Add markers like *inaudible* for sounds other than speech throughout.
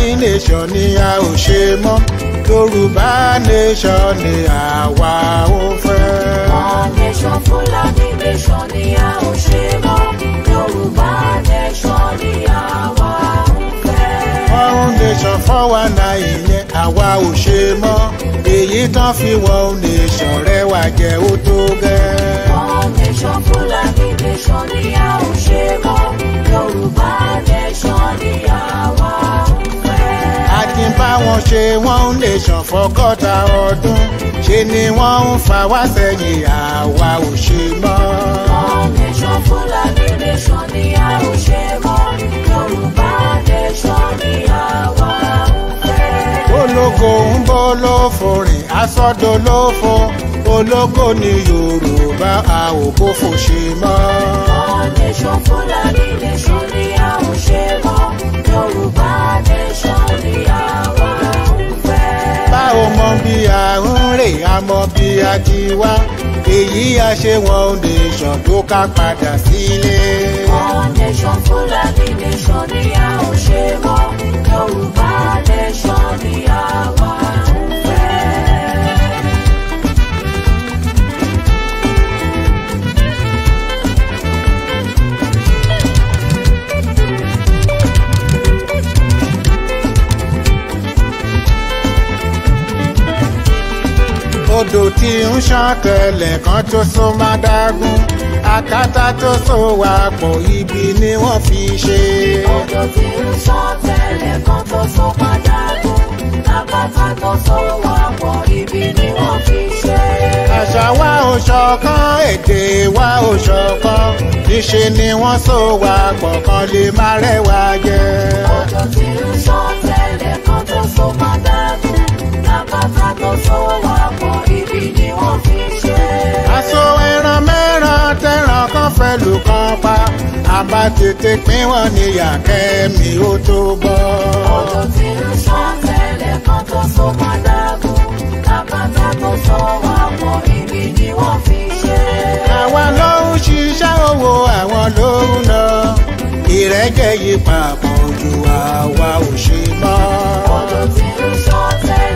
ní nation ni a ò ṣe mọ́ yorùbá nation ni àwa ò fẹ́. nation fúlàní nation ni a ò ṣe mọ́ yorùbá nation ni àwa ò fẹ́. one nation fọwọ́ náà ìyẹn àwa ò ṣe mọ́ èyí tán fi one nation rẹwà jẹ́ ó tó gẹ́. nation fúlàní nation ni a ò ṣe mọ́ yorùbá nation ni àwa kí n bá wọn ṣe wọ́n ń lè ṣàn fọ́gọ́ta ọdún ṣe ni wọ́n ń fa wá sẹ́yìn àwa ò ṣe mọ́. One Nation Fúlàní Nation ni a ò ṣe mọ́ Yorùbá Nation ni àwa ò fẹ́. ológo ń bọ́ lófo rìn asọ́dọ̀ lófo ológo ni yorùbá a ò kó fò ṣe mọ́. ọ̀nẹ́sọ̀ fúlàní nation ni a ò ṣe mọ́ yorùbá nation ni àwa ń fẹ́. bá mọ bí a ń rè a mọ bí a ti wá èyí a ṣe wọn ò lè ṣàn tó ká padà sílé. ọ̀nẹ́sọ̀ fúlàní nation ni a ò ṣe mọ́ yorùbá nation ni àwa ń fẹ́. odò tí ń ṣàn kẹlẹ̀ kan tó so má dágún àkàtà tó so wà pọ̀ ibi ni wọ́n fi ṣe. odò tí ń ṣàn kẹlẹ̀ kan tó so má dágún àkàtà tó so wà pọ̀ ibi ni wọ́n fi ṣe. àṣà wa ò ṣọ̀kan èdè wa ò ṣọ̀kan níṣe ni wọ́n so wà pọ̀ kan lè má rẹwà jẹ. odò tí ń ṣàn kẹlẹ̀ kan tó so má dágún akata tó so wà pọ̀ ibi ni wọ́n fi ṣe. aṣọ ẹran mẹ́ran tẹran kan àbá tètè pín wọn níyà kẹ́mi ó tó bọ́. ọ̀dọ̀ tí ń sàn kan tó so padà bọ̀ tó so wà ibi ni wọ́n fi ṣe. àwa ló ń ṣiṣẹ́ owó àwọn ló ń lọ ìrẹ́jẹ yìí papọ̀ ju àwa ò ṣe mọ́. ọ̀dọ̀ tí ń sàn.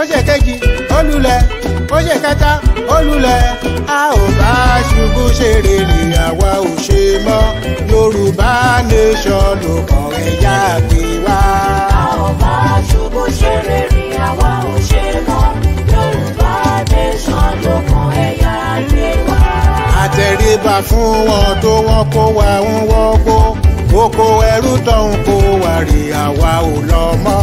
ó ṣe kejì ó lulẹ̀ ó kẹta ó a ò bá ṣubú ṣe rere àwa ò ṣe mọ́ Yorùbá nation ló kàn ẹ̀yà gbé wá. a ò bá ṣubú ṣe rere àwa ò ṣe mọ́ Yorùbá nation ló kàn ẹ̀yà gbé wá. àtẹ̀ríba fún wọn tó wọ́n kó wa ń wọ́gbó oko ẹrú tọ̀hún kó wàrí àwa ò lọ mọ́.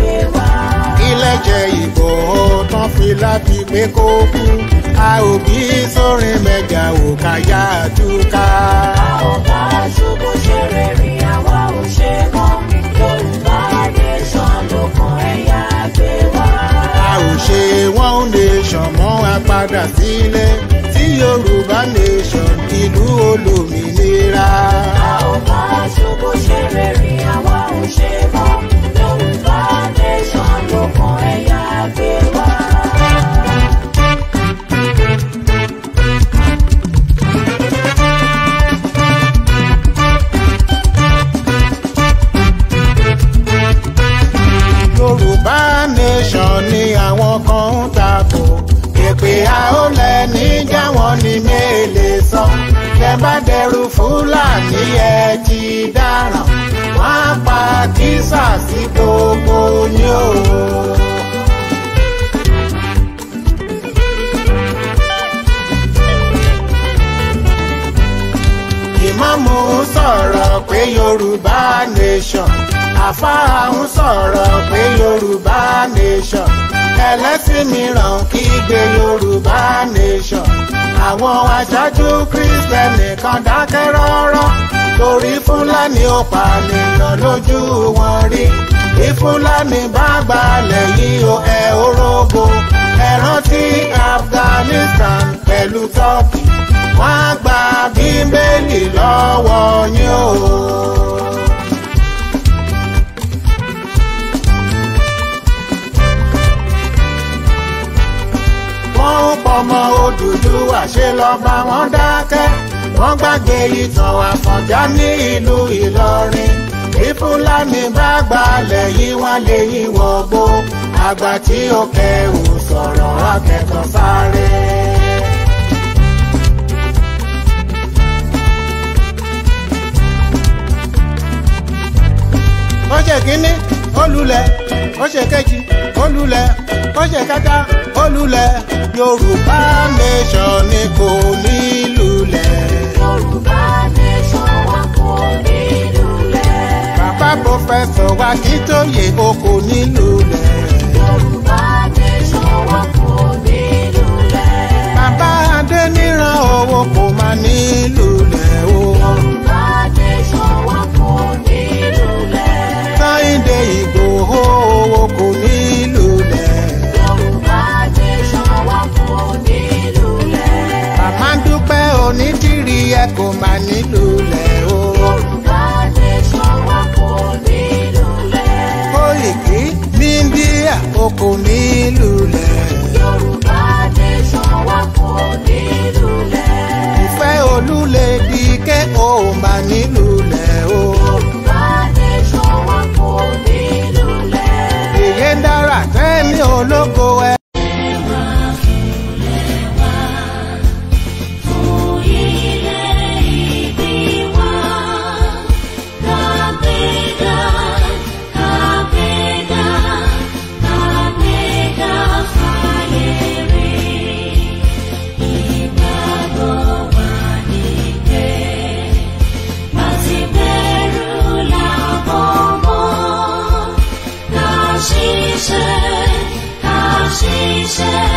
jẹ ìbò tán fi láti pé kó kú a ò bí sórin mẹ́jà ò káyà túká. a padà sílé tí Yorùbá nation ìlú olómìnira. a ò bá ṣubú ṣeré rí àwa ò ṣe mọ́ kan ẹ̀yà nation ni àwọn kan ń takò èpè àólẹ̀ níjà wọn ni fúlàní ẹ ti dáràn wọ́n á pa kísà sí gbogbo yín o. ìmáàmù ń sọ̀rọ̀ pé yorùbá nation àfáà ń sọ̀rọ̀ pé yorùbá nation ẹlẹ́sìn mìíràn kígbe yorùbá nation àwọn aṣáájú kírísítẹ́nì kan dákẹ́ rọ́rọ́ torí fúlàní ò pànìyàn lójú wọn rí bí fúlàní bá gbalẹ̀ yìí ó ẹ orógbó ẹ rántí Afghanistan pẹ̀lú Turkey wọ́n á gba bíbélì lọ́wọ́ yín o. wọ́n ń pọmọ Odùduwà ṣe lọ́ba wọn dákẹ́ wọ́n gbàgbé ìtàn Àfọ̀njá ní ìlú Ìlọrin bí Fúlàní bá gbalẹ̀ yìí wọ́n lè yíwọ́ gbó àgbà tí ó kẹ́wù sọ̀rọ̀ akẹ́kọ̀ọ́ sáré. ó ṣe kínní ó lulẹ̀ ó ṣe kejì ó lulẹ̀ kó ṣe kẹta olùlẹ̀ yorùbá nation ni kò ní lulẹ̀. yorùbá nation wa kò ní lulẹ̀. bàbá pòfẹ́sọ̀ wa kí tó yẹ o kò ní lulẹ̀. yorùbá nation wa kò ní lulẹ̀. bàbá adé níran owó kò máa ní lulẹ̀ o. yorùbá nation wa kò ní lulẹ̀. sáyidé ìgbòho. kò máa nílò. sunshine.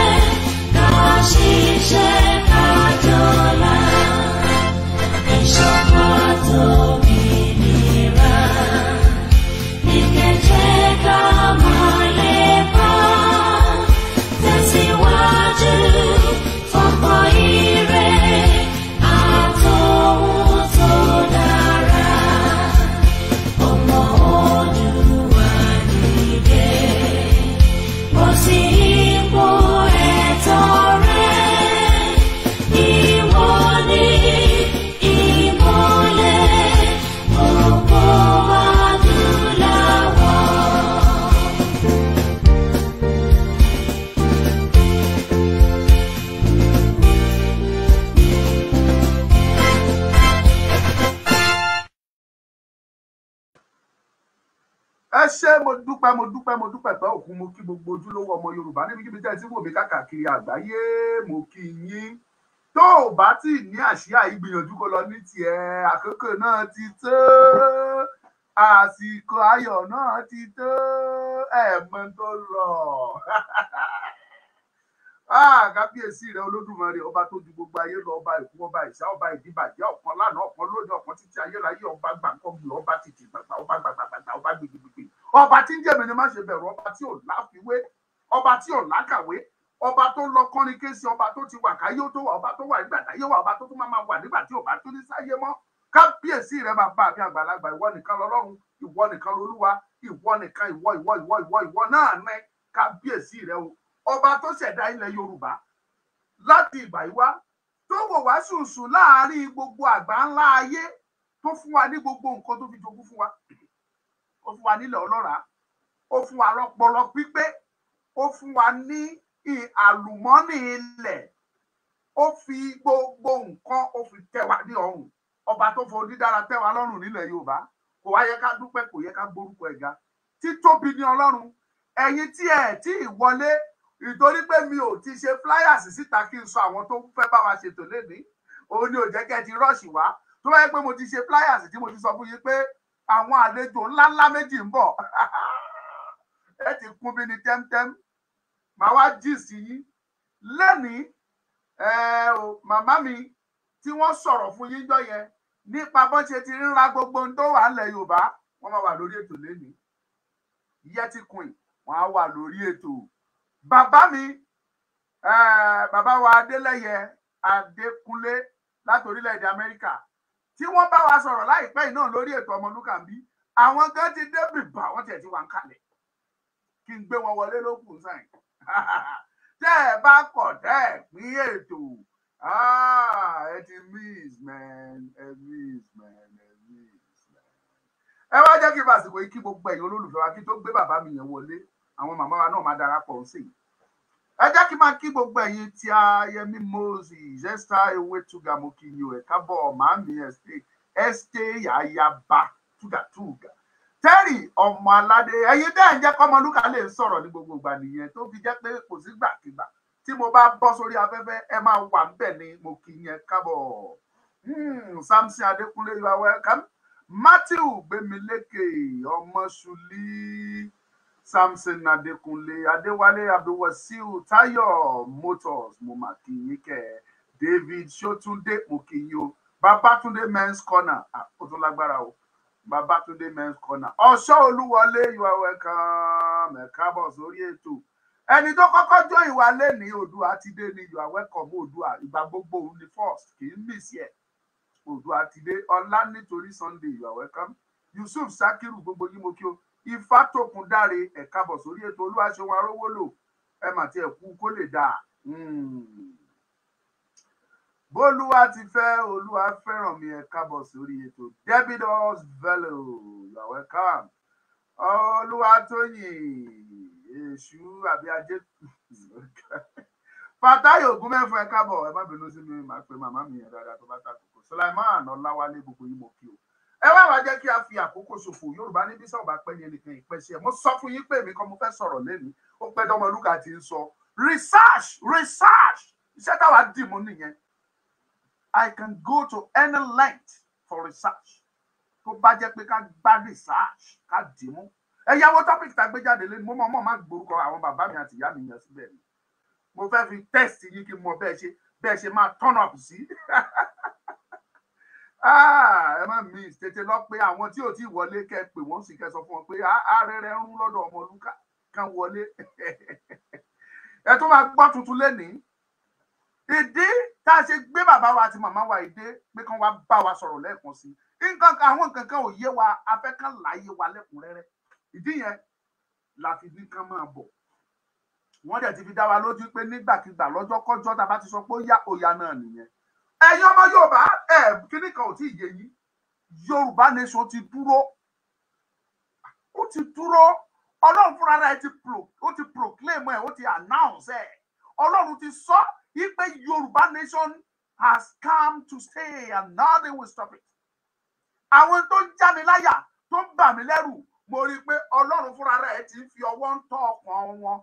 dúpẹ́ mo dúpẹ́ pẹ́ òkú mo kí gbogbo ojúlówó ọmọ yorùbá níbikíbi tẹ́ ẹ ti wò mí káàkiri àgbáyé mo kí yín tó o bá tì ní àṣìá ìgbìyànjú kó lọ ní tiẹ̀ àkókò náà ti tó àsìkò ayọ̀ náà ti tó ẹ̀ẹ̀mọ́ tó lọ *laughs* ah, kábíyèsí rẹ olódùmarè ọba tó ju gbogbo ayé lọ ọba ìkú ọba ìṣá ọba ìdíbàjẹ́ ọ̀kan lánàá ọ̀kan lónìí ọ̀kan títí ayérayé ọba gbàgbọ́ ọba títí gbàgbà ọba gbàgbàgbà ọba gbìgbìgbì ọba tí ń jẹ̀mẹ̀ ni má ṣe bẹ̀rù ọba tí ò láfiwé ọba tí ò lákàwé ọba tó lọ kọrin ké sí ọba tó ti wà káyé tó wà ọba tó wà nígbà táyé wà ọba tó tún máa wà nígbà tí ò bá tún ní sáyé mọ́ kábíyèsí rẹ bàbá àbí àgbàlagbà ìwọ nìkan lọ́lọ́run ìwọ nìkan lolúwa ìwọ nìkan ìwọ ìwọ ìwọ ìwọ ìwọ náà ní kábíyèsí rẹ o ọba tó ṣẹ̀dá ilẹ̀ yorùbá láti ìgbà ìwá tó wò wá sùnsùn láàárín gbogbo àgbà ńlá ayé tó fún wa ní gbogbo nǹkan tó fi jogún fún wa ó fún wa nílẹ̀ ọlọ́ràá ó fún wa lọ́pọlọ pípé ó fún wa ní àlùmọ́nì ilẹ̀ ó fi gbogbo nǹkan ó fi tẹ́ wa ní ọrùn ọba tó fọ onídára tẹ́ wa lọ́rùn nílẹ̀ yorùbá kò wá yẹ ká dúpẹ́ kò yẹ ká gbórúkọ ẹ̀ ga títóbi ní ọlọ́run ẹ̀yin tí ẹ̀ tí ì wọlé ìtorí pé mi ò ti ṣe flyers síta kí n sọ àwọn tó fẹ́ bá wa ṣètò lénìí òun ni ò jẹ́ kẹ́ ti rọ́ọ̀ṣì wá tó bá yẹ pé mo ti ṣe flyers tí mo ti sọ fún yín pé àwọn àlejò ńláńlá méjì ń bọ̀ *laughs* ẹ ti kún bí ni tẹ́mtẹ́m màá wá jì sí yín lẹ́nìí màmá mi tí wọ́n sọ̀rọ̀ fún yín jọ yẹn nípa bọ́n ṣe ti ń ra gbogbo ohun tó wà ńlẹ̀ yorùbá wọ́n máa wà lórí ètò lẹ́nìí yẹtí queen wọ́n á wà lórí ètò bàbá mi bàbá wa adélẹ́yẹ adékúnlé láti orílẹ̀-èdè amẹ́ríkà tí wọ́n bá wa sọ̀rọ̀ láìpẹ́ yìí náà lórí ètò ọmọlúkàbí àwọn gan ti dé bìbà wọ́n tiẹ̀ ti wà ń kalẹ̀ kí n gbé wọn wọlé lókun sáyìn *laughs* tẹ́ ẹ bá kọ̀ tẹ́ ẹ pín ètò ah, ẹ ti miss man ẹ miss man ẹ miss man. ẹ wá jẹ́ kí n bá àsìkò yìí kí gbogbo ẹ̀yin olólùfẹ́ wa kí tó gbé bàbá mi yẹn wọlé àwọn màmá wa náà máa darapọ̀ ń sìn yìí ẹ jẹ́ kí n máa kí gbogbo ẹ̀yin tí a Yẹmí Moses Esther Ewétúgà mo kí yín o ẹ káàbọ̀ màámi ẹ̀sìté yàyàbá túgàtúgà tẹ́rì ọmọ aládé ẹ̀yin dẹ́ ẹ̀ ń jẹ́ kọ́mọlúkà lè sọ̀rọ̀ ní gbogbo ìgbà nìyẹn tó fi jẹ́ pé kò sí gbàkigbà tí mo bá bọ́ sórí afẹ́fẹ́ ẹ máa wà níbẹ̀ ni mo kí yẹn káàbọ̀ hmm, Samson Adékúnlé you are welcome Matthew Gbémilékè ọmọ Ṣùlí samson adékúnlé adéwálé abdulwasiu tayo motors mo mà kí yín kẹ david sotunde mo kí yín o babatunde men's corner ó tún lágbára o babatunde men's corner ọ̀ṣọ́ olúwọlé you are welcome ẹ káàbọ̀ sórí ètò ẹni tó kọ́kọ́ jó ìwà lẹ́ni odua ti dé ni you are welcome odua ìgbà gbogbo òun ni first kì í miss yẹ odua ti dé ọlá nítorí sunday you are welcome yusuf sakiru gbogbo yín mo kí o ifá tòkun dáre ẹ káàbọ̀ sórí ètò Olúwaṣeun Arówólò ẹ mà tiẹ̀ kú kó lè dáa hmm. bólúwa ti fẹ́ olúwa fẹ́ràn mi ẹ káàbọ̀ sórí ètò debidors velo you are welcome olúwatóyìn èṣù àbí ajé fatayi ogun mẹ́fọ́ ẹ káàbọ̀ ẹ má bínú sí mi màá pe màmá mi yẹn dáadáa tó bá ta kókó Sulaiman ọláwálé gbogbo yìí mo kí o ẹ wá wá jẹ́ kí a fi àkókò ṣòfò yorùbá ní bísí ọba pẹ́ ní ẹnìkan ìpẹ́sẹ̀ mo sọ fún yín pé èmi kan mo fẹ́ sọ̀rọ̀ lẹ́nu ó pẹ́ dọ́mọlúkà ti ń sọ research research iṣẹ́ táwa dì mú nìyẹn I can go to any length for research tó bá jẹ́ pé ká gbá research ká dì mú topic tá a gbé jáde lẹ́nu mo mọ̀ mọ̀ má gborúkọ àwọn bàbá mi àti ìyá mi yẹn síbẹ̀ mo fẹ́ fi test yín kí n mọ bẹ́ẹ̀ ṣe bẹ́ẹ̀ ṣe máa turn up sí *laughs* Ah, ẹ má mi tètè lọ pé àwọn tí ò tí wọlé kẹ pé wọn sì kẹ sọ fún wọn pé àárẹrẹ ah, ah, ń rún lọ́dọ̀ ọmọ lúkà kan wọlé *laughs* ẹ tó máa gbọ́ tuntun lénìí ìdí tá a ṣe gbé bàbá wa àti màmá wa ìdé pé kán wá bá wa sọ̀rọ̀ lẹ́ẹ̀kan sí nǹkan àwọn nǹkan kan ò yé wa afẹ́kàn láàyè wa lẹ́kùnrẹ́rẹ́ ìdí yẹn la fi ní kán máa bọ̀ wọ́n dẹ̀ ti fi dá wa lójú pé nígbàkigbà lọ́jọ́kọ́jọ́ tá a bá ti sọ pé ó yá òya náà nìyẹn ẹ̀yin ọmọ yorùbá ẹ̀ kíní kan ò tí ì yé yín yorùbá nation ti dúró ó ti dúró ọlọ́run fúnra rẹ̀ ti pro ó ti proclaim ẹ̀ ó ti announce ẹ̀ ọlọ́run ti sọ wípé yorùbá nation has come to stay and nothing will stop it àwọn tó ń já mi láyà tó ń bà mí lẹ́rù mo rí i pé ọlọ́run fúnra rẹ̀ ti fi ọwọ́ ń tọ́ ọkàn wọn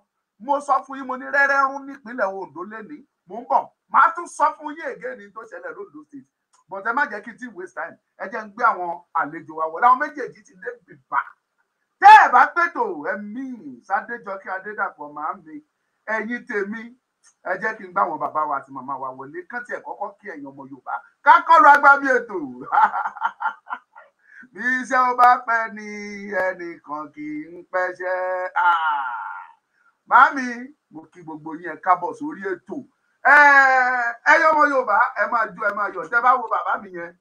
mo sọ fún yín mo ní rẹ́rẹ́ rún nípínlẹ̀ ondo lẹ́ni mò ń bọ̀ màá tún sọ fún yé ègé tó ṣẹlẹ̀ lóńdó state but ẹ má jẹ́ kí n ti waste time ẹ jẹ́ ń gbé àwọn àlejò wa wọlé àwọn méjèèjì ti lé bìbà tẹ́ ẹ bá gbètò ẹ̀mí Sádéjọkẹ́ Adédàpọ̀ máa ń mi ẹ̀yin tèmi ẹ jẹ́ kí n gbá àwọn bàbá wa àti màmá wa wọlé kán tiẹ̀ kọ́kọ́ kí ẹ̀yin ọmọ Yorùbá ká kọ́lu agbábí ètò *laughs* bí iṣẹ́ ó bá pẹ́ ni ẹnìkan kì í pẹ́ṣẹ́ ah! màmí mo kí gbogbo yín ẹ káàbọ̀ sórí ètò ẹyọ ọmọ yorùbá ẹ máa jó ẹ máa yọ̀ tẹ́ bá wo bàbá mi yẹn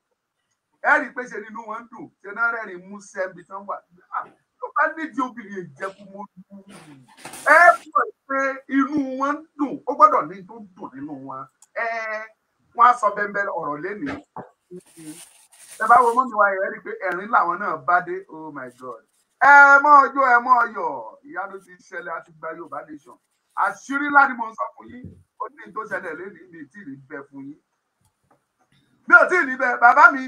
ẹ rí i pé ṣe nínú wọn dùn ṣe náà rẹ́rìn mú sẹ́ńbì tán wà ló bá nídìí obìnrin ìjẹkù mọ́ ẹ bọ̀ pé inú wọn dùn ó gbọ́dọ̀ ní tó dùn nínú wọn ẹ wọn á sọ bẹ́ẹ̀ ọ̀rọ̀ lẹ́nìí ẹ bá wo mọ́mi wa yẹn ẹ rí i pé ẹ̀rín làwọn náà bá dé oh my god ẹ mọ ọjọ́ ẹ mọ ọyọ ìyá ló ti ṣẹlẹ̀ àti gba yorùbá nation àṣírí láti mọ ó ní tó ṣẹlẹ̀ lẹ́nu mi tí ì bẹ fún yín mi ò tí ì níbẹ̀ bàbá mi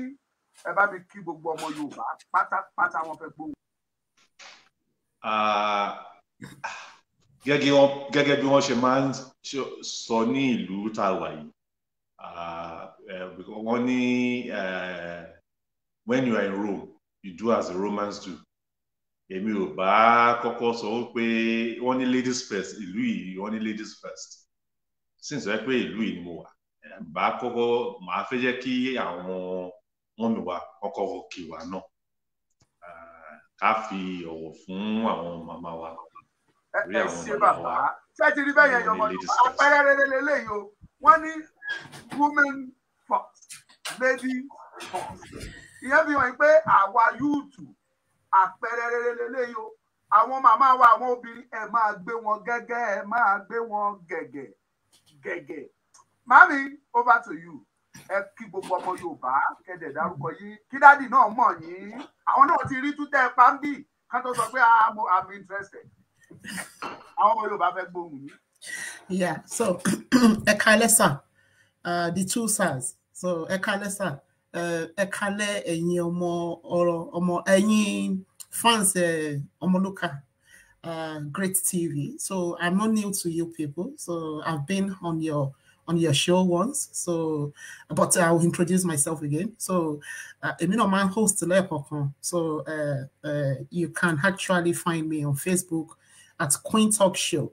ẹ bá mi kí gbogbo ọmọ Yorùbá pátápátá wọn fẹ́ gbóhùn. gẹ́gẹ́ bí wọ́n ṣe máa ń sọ ní ìlú tá a wà yìí wọ́n ní when you are in Rome you do as the Romans do èmi ò bá kọ́kọ́ sọ pé wọ́n ní ladies first ìlú yìí wọ́n ní ladies first since ẹ pé ìlú yìí ni mo wà bá kọ́kọ́ màá fẹ́ jẹ́ kí àwọn wọn mi wá kọ́kọ́ kì wá náà ah, ká fi ọ̀wọ̀ fún àwọn màmá wa rí àwọn màmá wa ṣé ti rí bẹ́ẹ̀ yẹn yọmọ àpẹẹrẹ rere lélẹ́yìí o wọ́n ní women lady first ìyẹn fi hàn pé àwa yúùtù àpẹẹrẹ rere lélẹ́yìí o àwọn màmá wa àwọn obìnrin ẹ máa gbé wọn gẹ́gẹ́ ẹ máa gbé wọn gẹ̀gẹ̀ gẹ̀gẹ̀ mami over to you ẹ kí gbogbo ọmọ yorùbá kẹdẹ dárúkọ yìí kí dádì náà mọ̀ yín àwọn náà ti rí tútẹ pàmbì ká tó sọ pé ah, i'm interested àwọn ọmọ yorùbá fẹ́ gbóhùn yín. yeah so *clears throat* ẹ kálẹ́ sà uh, the two sars so ẹ kálẹ́ sà uh, ẹ kálẹ́ ẹ̀yin ọmọ ọ̀rọ̀ ọmọ ẹ̀yin fans eh, ọmọlúkà. Uh, uh, Great TV. So I'm not new to you people. So I've been on your on your show once. So, but I'll introduce myself again. So, uh, I'm my host So uh, uh, you can actually find me on Facebook at Queen Talk Show,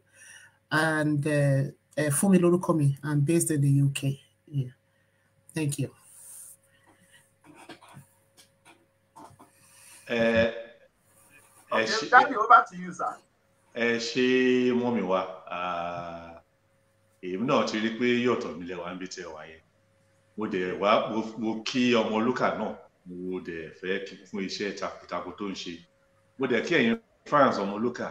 and uh, uh, Fumi Lorukomi. I'm based in the UK. Yeah, thank you. Uh Okay, she, daddy, over to you, sir. ẹ ṣe mọ́mí wa èmi náà ti rí pé yọ̀tọ̀ mi lẹ́wà ń bí tẹ wà yẹn mo dẹ̀ wá mo kí ọmọ olúkà náà mo dẹ̀ fẹ́ kí fún iṣẹ́ takuntakun tó ń ṣe mo dẹ̀ kí ẹ̀yin fans ọmọ olúkà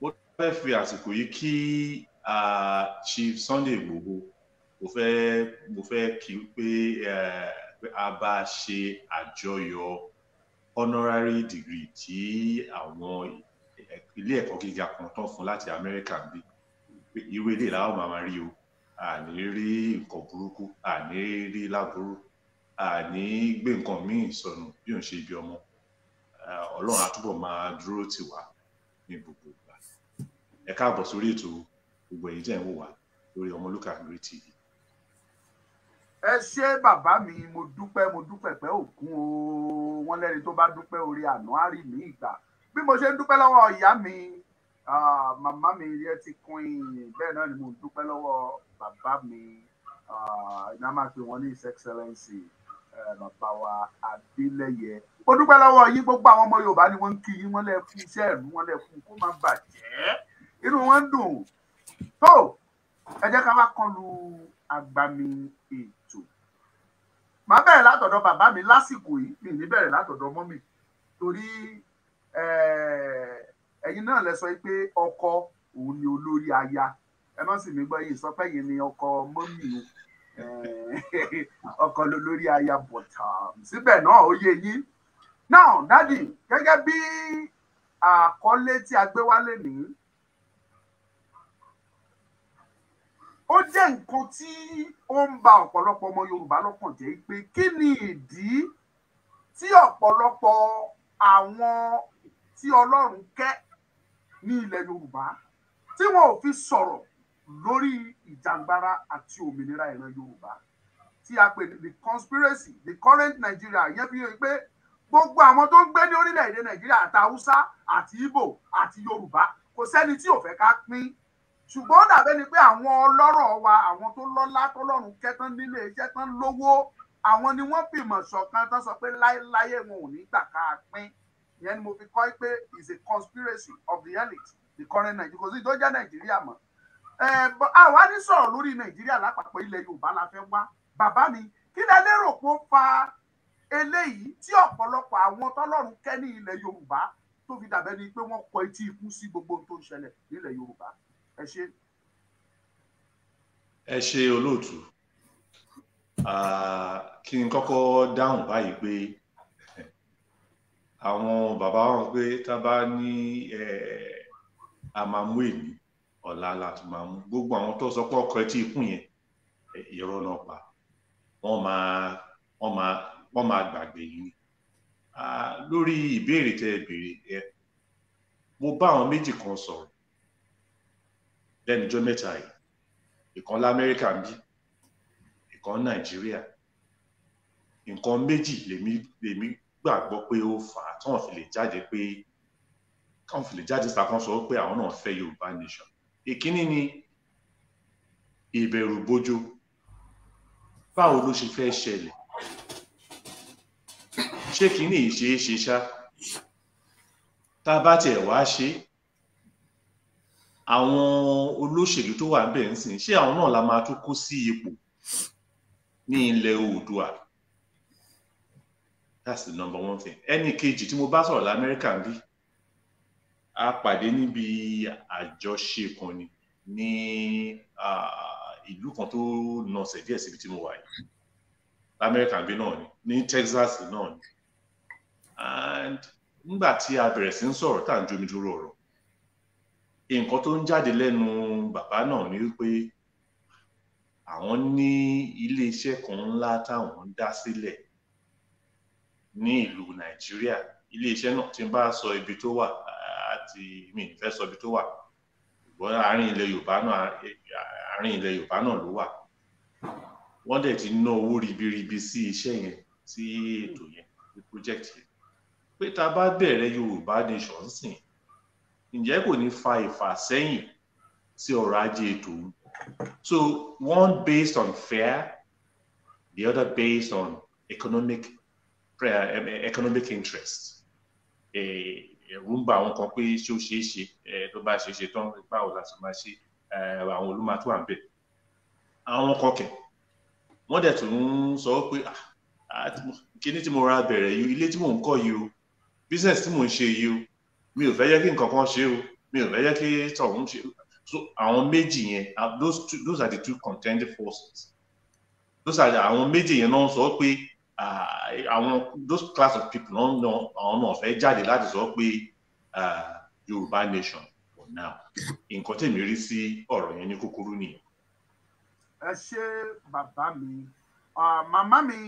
mo fẹ́ fi àsìkò yìí kí Chief Sunday Igboho mo fẹ́ mo fẹ́ kí pé a bá ṣe àjọyọ̀ honorary degree tí àwọn ilé ẹ̀kọ́ gíga kan tán fún láti Amẹ́ríkà bí irú ilé làwọn máa rí o àní rí nǹkan burúkú àní rí láburú àní gbé nǹkan míì sọnù bí òun ṣe ibi ọmọ Ọlọ́run á máa dúró tì wá ní gbogbo ìgbà ẹ káàbọ̀ sórí ètò gbogbo èyí tẹ́ ń wò wá lórí Ọmọlúkà lórí TV ẹ ṣé bàbá mi mo dúpẹ́ mo dúpẹ́ pẹ́ òkun o wọ́n lẹ́ni tó bá dúpẹ́ orí àná á rí mi ìgbà bí mo ṣe ń dúpẹ́ lọ́wọ́ ìyá mi màmá mi yẹ ti kún ìyìn bẹ́ẹ̀ náà ni mo dúpẹ́ lọ́wọ́ bàbá mi iná máa pe wọn ní his excellency bàbá wa adélẹ́yẹ mo dúpẹ́ lọ́wọ́ yín gbogbo àwọn ọmọ yorùbá ni wọ́n ń kí yín wọ́n lẹ́ fún iṣẹ́ ìlú wọ́n lẹ́ fún kó má bàjẹ́ inú wọn ń dùn tó ẹ jẹ́ ká wá kọlu agbami ìgbà màá bẹ̀rẹ̀ látọ̀dọ̀ bàbá mi lásìkò yìí mi ní bẹ̀rẹ̀ látọ̀dọ̀ mọ́mì torí ẹ̀yin náà lẹ sọ pé ọkọ òun ni olórí aya ẹ má sì mí gbọ́ yìí sọ pé yìí ni ọkọ mọ́mì o ọkọ lolórí aya bọ̀tà um, síbẹ̀ náà ó yé yín now dádì gẹ́gẹ́ bí àkọlé tí a gbé wálé nìyí ó jẹ́ nǹkan tí ó ń ba ọ̀pọ̀lọpọ̀ ọmọ Yorùbá lọ́kàn jẹ́ pé kí ni ìdí tí ọ̀pọ̀lọpọ̀ àwọn tí Ọlọ́run kẹ́ ní ilẹ̀ Yorùbá tí wọn ò fi sọ̀rọ̀ lórí ìjàngbara àti òmìnira ìran Yorùbá tí a pè ní the conspiracy the current Nigeria yẹn fi hàn pé gbogbo àwọn tó ń gbé ní orílẹ̀-èdè Nàìjíríà àti Haúsá àti Ìgbò àti Yorùbá kò sẹ́ni tí ò fẹ́ ká pín ṣùgbọ́n ó dàbẹ́ ni pé àwọn ọlọ́rọ̀ wa àwọn tó lọ́lá tọ́lọ́run kẹ́tán nílé iṣẹ́ tán lówó àwọn ni wọ́n fìmọ̀ ṣọ̀kan tán sọ pé láéláyé wọn ò ní gbà ká pín ìyẹn ni mo fi kọ́ pé is a conspiracy of the elite the current Nigeria kò sí tó jẹ́ Nàìjíríà mọ́ àwa ní sọ̀rọ̀ lórí Nàìjíríà lápapọ̀ ilẹ̀ Yorùbá la fẹ́ wá bàbá mi kí lẹ lérò pé ó fa eléyìí tí ọ̀pọ̀lọpọ̀ àwọn tọ́lọ́run kẹ́ ní ilẹ̀ Yorùbá tó fi dàbẹ́ ni pé wọ́n kọ etí ikú sí gbogbo ohun tó ń ṣẹlẹ̀ nílẹ̀ Yorùbá ẹ ṣe. ẹ ṣe olóòtú kí n kọ́kọ́ dáhùn báyìí pé àwọn bàbá wọn pé tá a bá ní a máa mú èmi ọ̀la láti máa mú gbogbo àwọn tó sọ pé ọkọ̀ etí ikún yẹn irọ́ náà pa wọ́n máa wọ́n máa gbàgbé yìí lórí ìbéèrè tẹ́ ẹ béèrè mo bá àwọn méjì kan sọ̀rọ̀ lẹ́nu ọjọ́ mẹ́ta yìí ìkan lamẹ́ríkà ń bí ìkan nàìjíríà nǹkan méjì lèmi lèmi gbàgbọ́ pé ó fà á tí wọ́n fi lè jáde pé káwọn fi lè jáde sàkán sọ pé àwọn náà fẹ́ yorùbá nation ìkíní ni ìbẹ̀rù bójú báwo ló ṣe fẹ́ ṣẹlẹ̀ ṣé kínní ìṣeéṣe ṣá tá a bá tiẹ̀ wá ṣe é àwọn olóṣèlú tó wà níbẹ̀ ń sìn ṣé àwọn náà la máa tún kó sí ipò ní ilẹ̀ oòdùà that's the number one thing ẹnì kejì tí mo bá sọ̀rọ̀ lamẹ́ríkà ń bí a pàdé níbi àjọṣe kan ni ní ìlú kan tó nọsẹ̀ díẹ̀ síbi tí mo wà yìí lamẹ́ríkà ń bí náà ni ní Texas náà ni and nígbà tí a bẹ̀rẹ̀ sí ń sọ̀rọ̀ tá à ń jomi dúró ọ̀rọ̀ nǹkan tó ń jáde lẹ́nu bàbá náà ni wípé àwọn ní iléeṣẹ́ kan ńlá táwọn ń dá sílẹ̀ ní ìlú nàìjíríà iléeṣẹ́ náà tí n bá sọ ibi tó wà àti mi ì fẹ́ sọ ibi tó wà ṣùgbọ́n àárín ilẹ̀ yorùbá náà àárín ilẹ̀ yorùbá náà ló wà wọ́n dẹ̀ ti ná owó ribiribi sí iṣẹ́ yẹn sí ètò yẹn sí project yẹn pé tá a bá bẹ̀rẹ̀ yorùbá nation sìn ǹjẹ́ kò ní fa ìfàsẹ́yìn sí ọrọ̀ ajé ètò so one based on fair the other based on economic eh, economic interest ẹ̀rù ń bà àwọn kan pé ṣé ó ṣeé ṣe tó bá ṣeé ṣe tán báwo la ṣe máa ṣe àwọn olùmọ̀ tó wà ń àwọn kan kẹ̀ wọ́n dẹ̀ tún ń sọ pé ah, ah, kíní tí mo ra bẹ̀rẹ̀ yìí ilé tí mò ń kọ́ yìí o business tí mò ń ṣe yìí o mi ò fẹ́ jẹ́ kí nǹkan kan ṣe o mi ò fẹ́ jẹ́ kí tọ̀hún ṣe o so àwọn méjì yẹn uh, those those are the two contending forces those are àwọn méjì yẹn náà sọ pé uh, àwọn those class of people náà náà àwọn náà fẹ́ jáde láti sọ pé uh, Yorùbá nation for now nǹkan tèmi rí sí ọ̀rọ̀ yẹn ní kúkúrú nìyẹn. ẹ ṣe bàbá mi màmá mi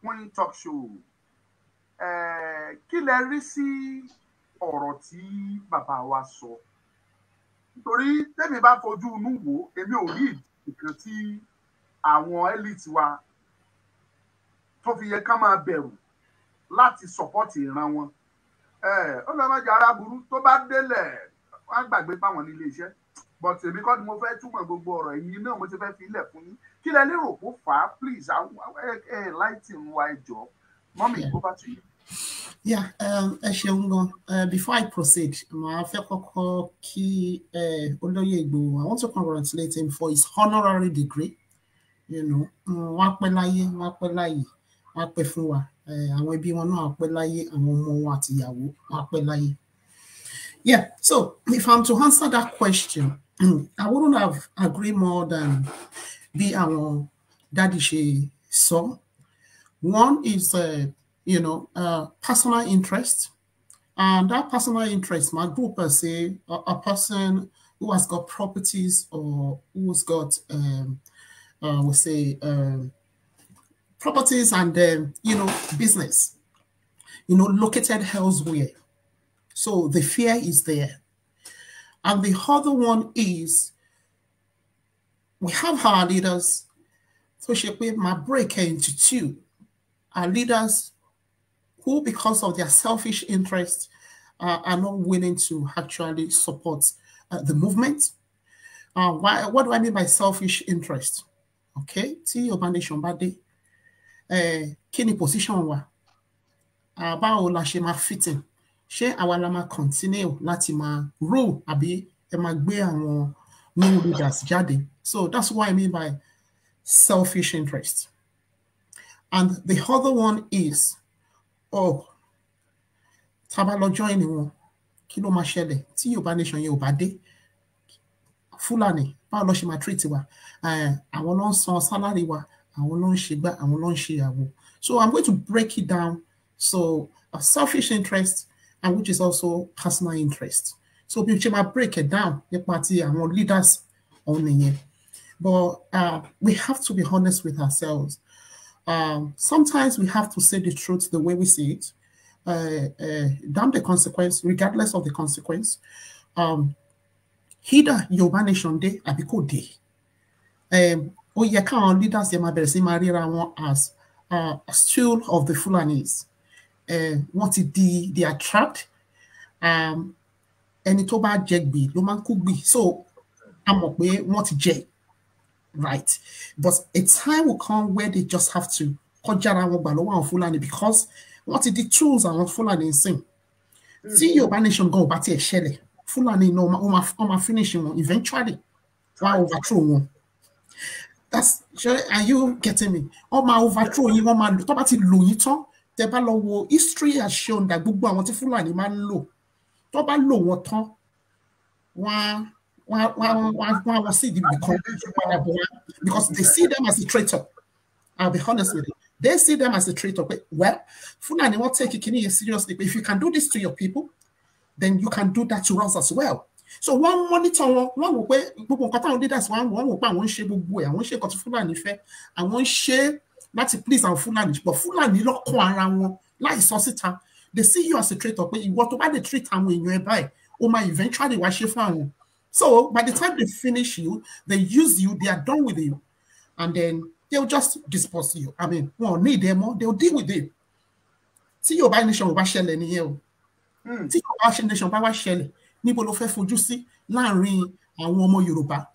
Queen Talk Show kí lẹ rí sí ọ̀rọ̀ tí bàbá wa sọ nítorí tẹ́mi bá fojú inú wò èmi ò rí nǹkan tí àwọn elite wa tó fi yẹ ká máa bẹ̀rù láti sọ̀pọ́tì ìran wọn ọlọ́mọdé aráburú tó bá délẹ̀ wọ́n á gbàgbé fáwọn nílé iṣẹ́ but èmi kọ́ ni mo fẹ́ túmọ̀ gbogbo ọ̀rọ̀ yìí náà mo ti fẹ́ fi ilẹ̀ fún yín kí lẹ lérò kó fà á please ẹ ẹ láìtì ń wa ẹjọ́. E Mommy, yeah. over to you. Yeah, um, ẹ Uh, before I proceed, màá fẹ́ kọ́kọ́ kí uh, olóyè Ìgbòho, I want to congratulate him for his honorary degree. You know, um, uh, wọ́n á pẹ́ láyé, wọ́n á pẹ́ láyé, wọ́n á pẹ́ fún wa. Àwọn ẹbí Yeah, so if I'm to answer that question, um, I wouldn't have agreed more than be our dáàdì ṣe sọ. So, one is, uh, you know, uh, personal interest. And that personal interest my group per say a, a person who has got properties or who's got, um, uh, we say, um, properties and, um, you know, business, you know, located elsewhere. So the fear is there. And the other one is we have our leaders, so she put my break into two are leaders who, because of their selfish interests, uh, are not willing to actually support uh, the movement. Uh, why, what do I mean by selfish interest? Okay, tí Foundation, bá lè position wa? about uh, la fitting? she awalama continue latima rule àbí ẹ máa gbé new leaders jáde? So that's what I mean by selfish interest. And the other one is, oh, Tabalo join him. kí ló máa ṣẹlẹ̀ tí Yorùbá nation yẹn ò bá dé? Fúlàní báwo lọ ṣe máa treat wa? Eh, àwọn ló ń san àwọn ló ń àwọn So I'm going to break it down. So a selfish interest and which is also personal interest. So bí o break it down party and our leaders only. nìyẹn. But uh, we have to be honest with ourselves. Um, sometimes we have to say the truth the way we see it, uh, uh, damn the consequence, regardless of the consequence. Um, Hida Yorùbá nation dé àbí kò dé. Um, ó yẹ káwọn leaders yẹn máa bẹ̀rẹ̀ sí máa ríra as uh, stool of the Fulanis. Uh, wọ́n ti di they are trapped. Um, ẹni tó bá jẹ gbì ló máa ń kú gbì. So a mọ̀ pé wọ́n ti right. But a time will come where they just have to conjure wọn gbà lọ́wọ́ àwọn Fúlàní because wọ́n the di tools àwọn Fúlàní sìn. Hmm. Tí Yorùbá nation gan ò bá tiẹ̀ ṣẹlẹ̀, Fúlàní náà wọ́n my, finishing one eventually why overthrow wọn. That's are you getting me? Oh my, overthrow yín, wọ́n máa tó bá ti lò yín history has shown that gbogbo wants to Fúlàní máa low. lò, tó bá lò I will see because they see them as a traitor. I'll be honest with you. They see them as a traitor. But, well, Fulani won't take Kikini seriously. But if you can do this to your people, then you can do that to us as well. So one monitor one wọ́n wò pé gbogbo nǹkan táwọn One wa wọ́n wò pé àwọn ń ṣe gbogbo ẹ̀ àwọn ń ṣe nǹkan tí Fúlàní fẹ́ àwọn please àwọn Fúlàní But Fúlàní lọ́kàn ara wọn Like Sosita, they see you as a traitor pé ìwọ tó bá lè treat àwọn èèyàn ẹ báyìí o máa eventually wá ṣe fún So by the time they finish you, they use you, they are done with you, and then they'll just dispose you. I mean, won need them? ní mọ́, they'll deal with it. Tí Yorùbá nation ò bá ṣẹlẹ̀ nìyẹn o. Hmm. Tí Yorùbá nation bá wá ṣẹlẹ̀, níbo ló fẹ́ fojú sí láàrin àwọn ọmọ Yorùbá?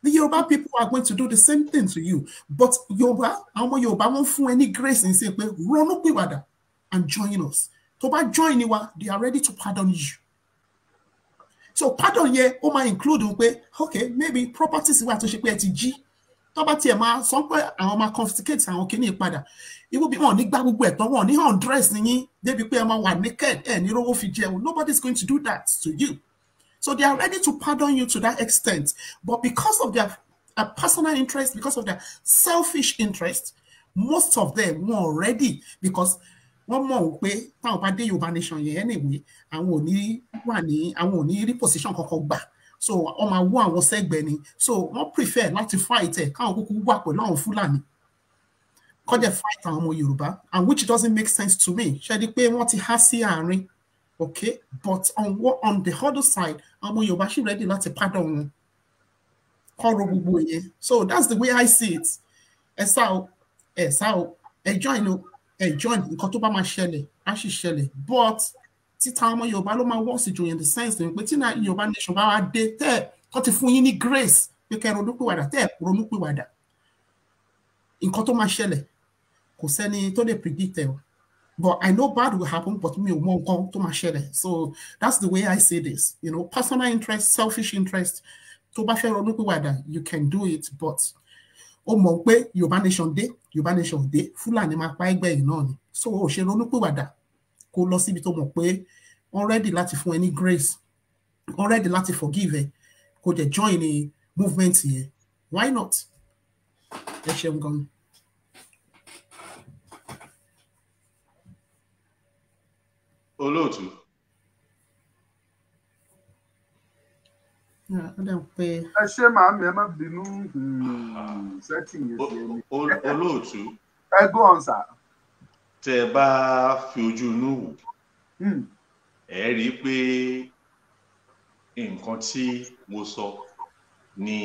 The Yoruba people are going to do the same thing to you. But Yoruba, àwọn ọmọ Yoruba won't ẹ any grace ń sè "Run ronú pìwàdà and join us. Tó by join you, they are ready to pardon you so pardon ye ó máa include pé okay maybe properties wà tó ṣe pé ẹ ti jí tó bá tiẹ̀ máa sọ pé àwọn máa confiscate àwọn kìíní padà irú bí wọn ní gbá gbogbo one, wọn ní hundreds níyín débi pé ẹ máa wà naked ẹ̀ ní rówó fi jẹun nobody is going to do that to you so they are ready to pardon you to that extent but because of their uh, personal interest because of their selfish interest most of them were ready because wọ́n mọ̀ ó pé táwọn bá dé yorùbá nation yẹn anyway àwọn ò ní wà ní àwọn ò ní rí position kankan gbà so wọ́n máa wọ àwọn sẹ́gbẹ̀ẹ́ ni so wọ́n prefer láti fight ẹ̀ káwọn kúkú wà pẹ̀lú àwọn fúlàní kọ́jẹ́ fight àwọn ọmọ yorùbá and which doesn't make sense to me ṣẹ́ni pé wọ́n ti há sí àárín okay but on on the other side àwọn ọmọ yorùbá ṣì ready láti pardon wọn kọ́rọ̀ gbogbo yẹn so that's the way i see it ẹ̀ sá o ẹ̀ sá o ẹ̀ join o. Hey join nǹkan tó bá máa ṣẹlẹ̀ á sì ṣẹlẹ̀ but títa ọmọ yorùbá ló máa worse jù in the sense pé tí yorùbá nation bá wá dé tẹ́ ẹ̀ tó ti fún yín ní grace pé kẹ́ ronúpìwàdà tẹ́ ẹ̀ ronúpìwàdà nǹkan tó máa ṣẹlẹ̀ kò sẹ́ni tó lè predict ẹ̀ but I know bad will happen but mi ò mọ nǹkan tó máa ṣẹlẹ̀ so that's the way I say this you know personal interest selfish interest tó bá fẹ́ ronúpìwàdà you can do it but ó mọ̀ pé yorùbá nation dé yorùbá nation dé fúlàní máa pa ẹgbẹ́ yìí náà ni so ò ṣe ronúpìwàdà kó lọ síbi tó mọ̀ pé wọ́n rẹ́dì láti fún ẹ ní grace wọ́n ready láti forgive ẹ kó dẹ̀ join ní movement yẹn why not ẹ ṣeun gan. olóòtú ẹ ṣe màámi ẹ má bínú hmm, sẹ́tì yẹn ṣe mí. olóòtú ẹ gbọ́ ọ̀n sà. tẹ ẹ bá fi ojú inú wò hmm. ẹ rí i pé nǹkan tí mo sọ ni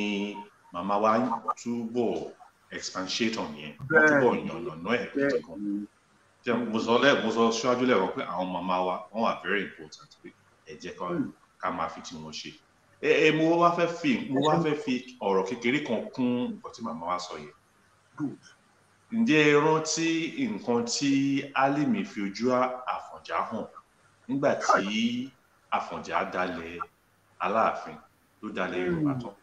màmá wa túbọ̀ expatiate on yẹn wọ́n túbọ̀ yànnàná ẹ̀ gidi gan mo sọ lẹ mo sọ síwájú lẹ́wọ̀n pé àwọn màmá wa wọ́n wà very important pé ẹ jẹ́ hmm. ká máa fi tiwọn ṣe ẹ mo wá fẹ́ fi mo wá fẹ́ fi ọ̀rọ̀ kékeré kan kún nǹkan tí màmá wa sọ yẹn ǹjẹ́ ẹ rántí nǹkan tí Álímì fi ojú Àfọ̀njá hàn nígbà tí Àfọ̀njá dalẹ̀ Aláàfin ló dalẹ̀ hmm. Yorùbá tán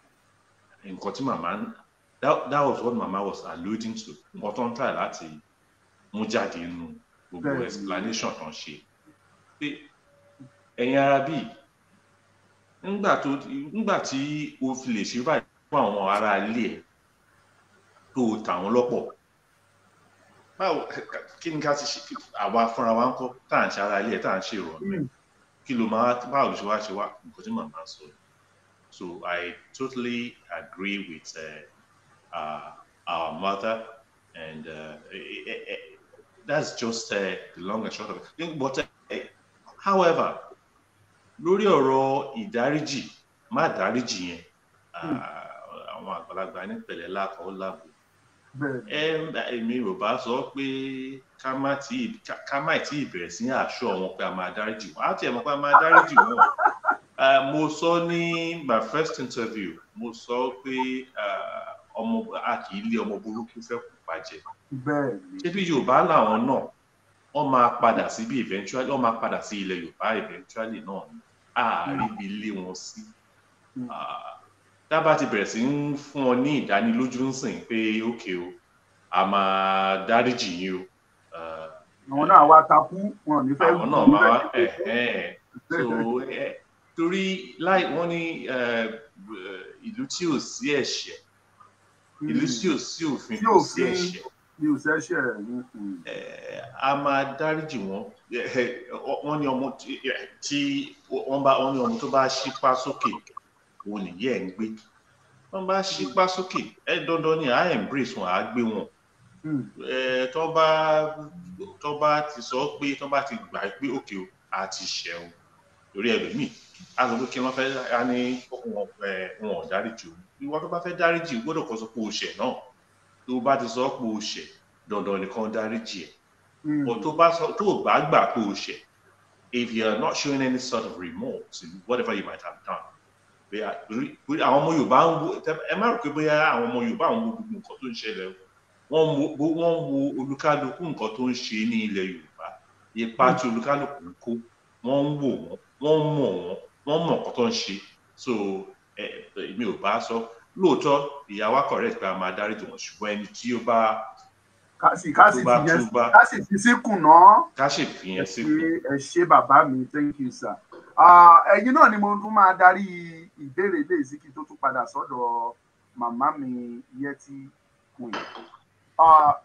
nǹkan tí màmá that, was what mama was alluding to nǹkan tó ń try láti mú jáde nínú gbogbo hmm. explanation tó ń ṣe pé ẹ̀yin nígbà tó nígbà tí o fi lè ṣe báyìí fún àwọn ará ilé ẹ̀ tó o tà wọ́n lọ́pọ̀ báwo kí ni ká ti ṣe àwa fúnra wa ń kọ́ tá à ń ṣe ará ilé ẹ̀ tá à ń ṣe ìrọ̀lẹ́ hmm. kí ló máa báwo ló ṣe wá ṣe wá nǹkan tí màmá sọ so I totally agree with uh, uh, our mother and uh, it, it, it, that's just uh, the long and short of it but uh, however lórí ọ̀rọ̀ ìdáríjì má dáríjì yẹn hmm. ah, àwọn àgbàlagbà ní pẹ̀lẹ́ lákọọ láàbò èmi ò bá sọ pé ká má tí ì bẹ̀rẹ̀ sí àṣọ wọn pé a máa dáríjì wọn á tiẹ̀ mọ̀ pé a máa dáríjì wọn ah, mo sọ ní my first interview mo sọ pé ah, ọmọ a kì í lé ọmọ burúkú fẹ́ kú bàjẹ́ ṣébi Yorùbá làwọn náà wọ́n máa padà síbi eventually wọ́n máa padà sí ilẹ̀ Yorùbá eventually náà ni àríbi lé wọn sí dábàá hmm. ah, ti bẹ̀rẹ̀ sí ń fún ọ ní ìdánilójú ń pé ókè o a máa dáríjì yín o. Ah, àwọn náà wá takú wọn ò ní fẹ́ wú bẹ́ẹ̀. Eh, eh. eh, torí láì wọ́n ní ìlú tí ò sí ẹ̀ṣẹ̀ ìlú hmm. tí ò sí òfin kò sí ẹ̀ṣẹ̀ hmm. a máa dáríjì wọn wọ́n ní ọmọ tí wọ́n bá wọ́n ní ọmọ tó bá ṣípá sókè òun nìyí ẹ̀ ń gbé wọ́n bá ṣípá sókè ẹ dandan ni i embrace wọn á gbé wọn hmm. tó bá tó bá ti sọ pé tó bá ti gbà pé òkè o á ti ṣẹ o lórí ẹlòmíì á sọ pé kí wọ́n fẹ́ á ní wọn ò dáríjì o ìwọ tó bá fẹ́ dáríjì gbọ́dọ̀ kọ́ sọ pé o ṣẹ̀ náà tó bá ti sọ pé o ṣẹ̀ dandan nìkan dáríjì ẹ̀ Hmm. But tó bá sọ tó bá gbà if you are not showing any sort of remorse in whatever you might have done àwọn ọmọ Yorùbá ń wo ẹ má rò pé bóyá àwọn ọmọ Yorùbá ń wo gbogbo nǹkan tó ń ṣẹlẹ̀ wọ́n wo olúkálukú nǹkan tó ń ṣe ní ilẹ̀ Yorùbá ipa hmm. tí olúkálukú ń kó wọ́n ń wò wọ́n wọ́n mọ̀ wọ́n wọ́n mọ̀ nǹkan tó ń ṣe so mi ò bá sọ lóòótọ́ ìyàwó correct pé a máa dárí jùmọ̀ ṣùgbọ́n ẹni tí ó bá Kasi kasi ti yẹ kasi ti síkùn náà kásì fi yẹn síkùn ẹ ṣé bàbá mi thank you sir ẹ̀yin náà ni mo tún máa darí ìbéèrè ilé ìsìnkì tó tún padà sọ́dọ̀ màmá mi Yẹtí Queen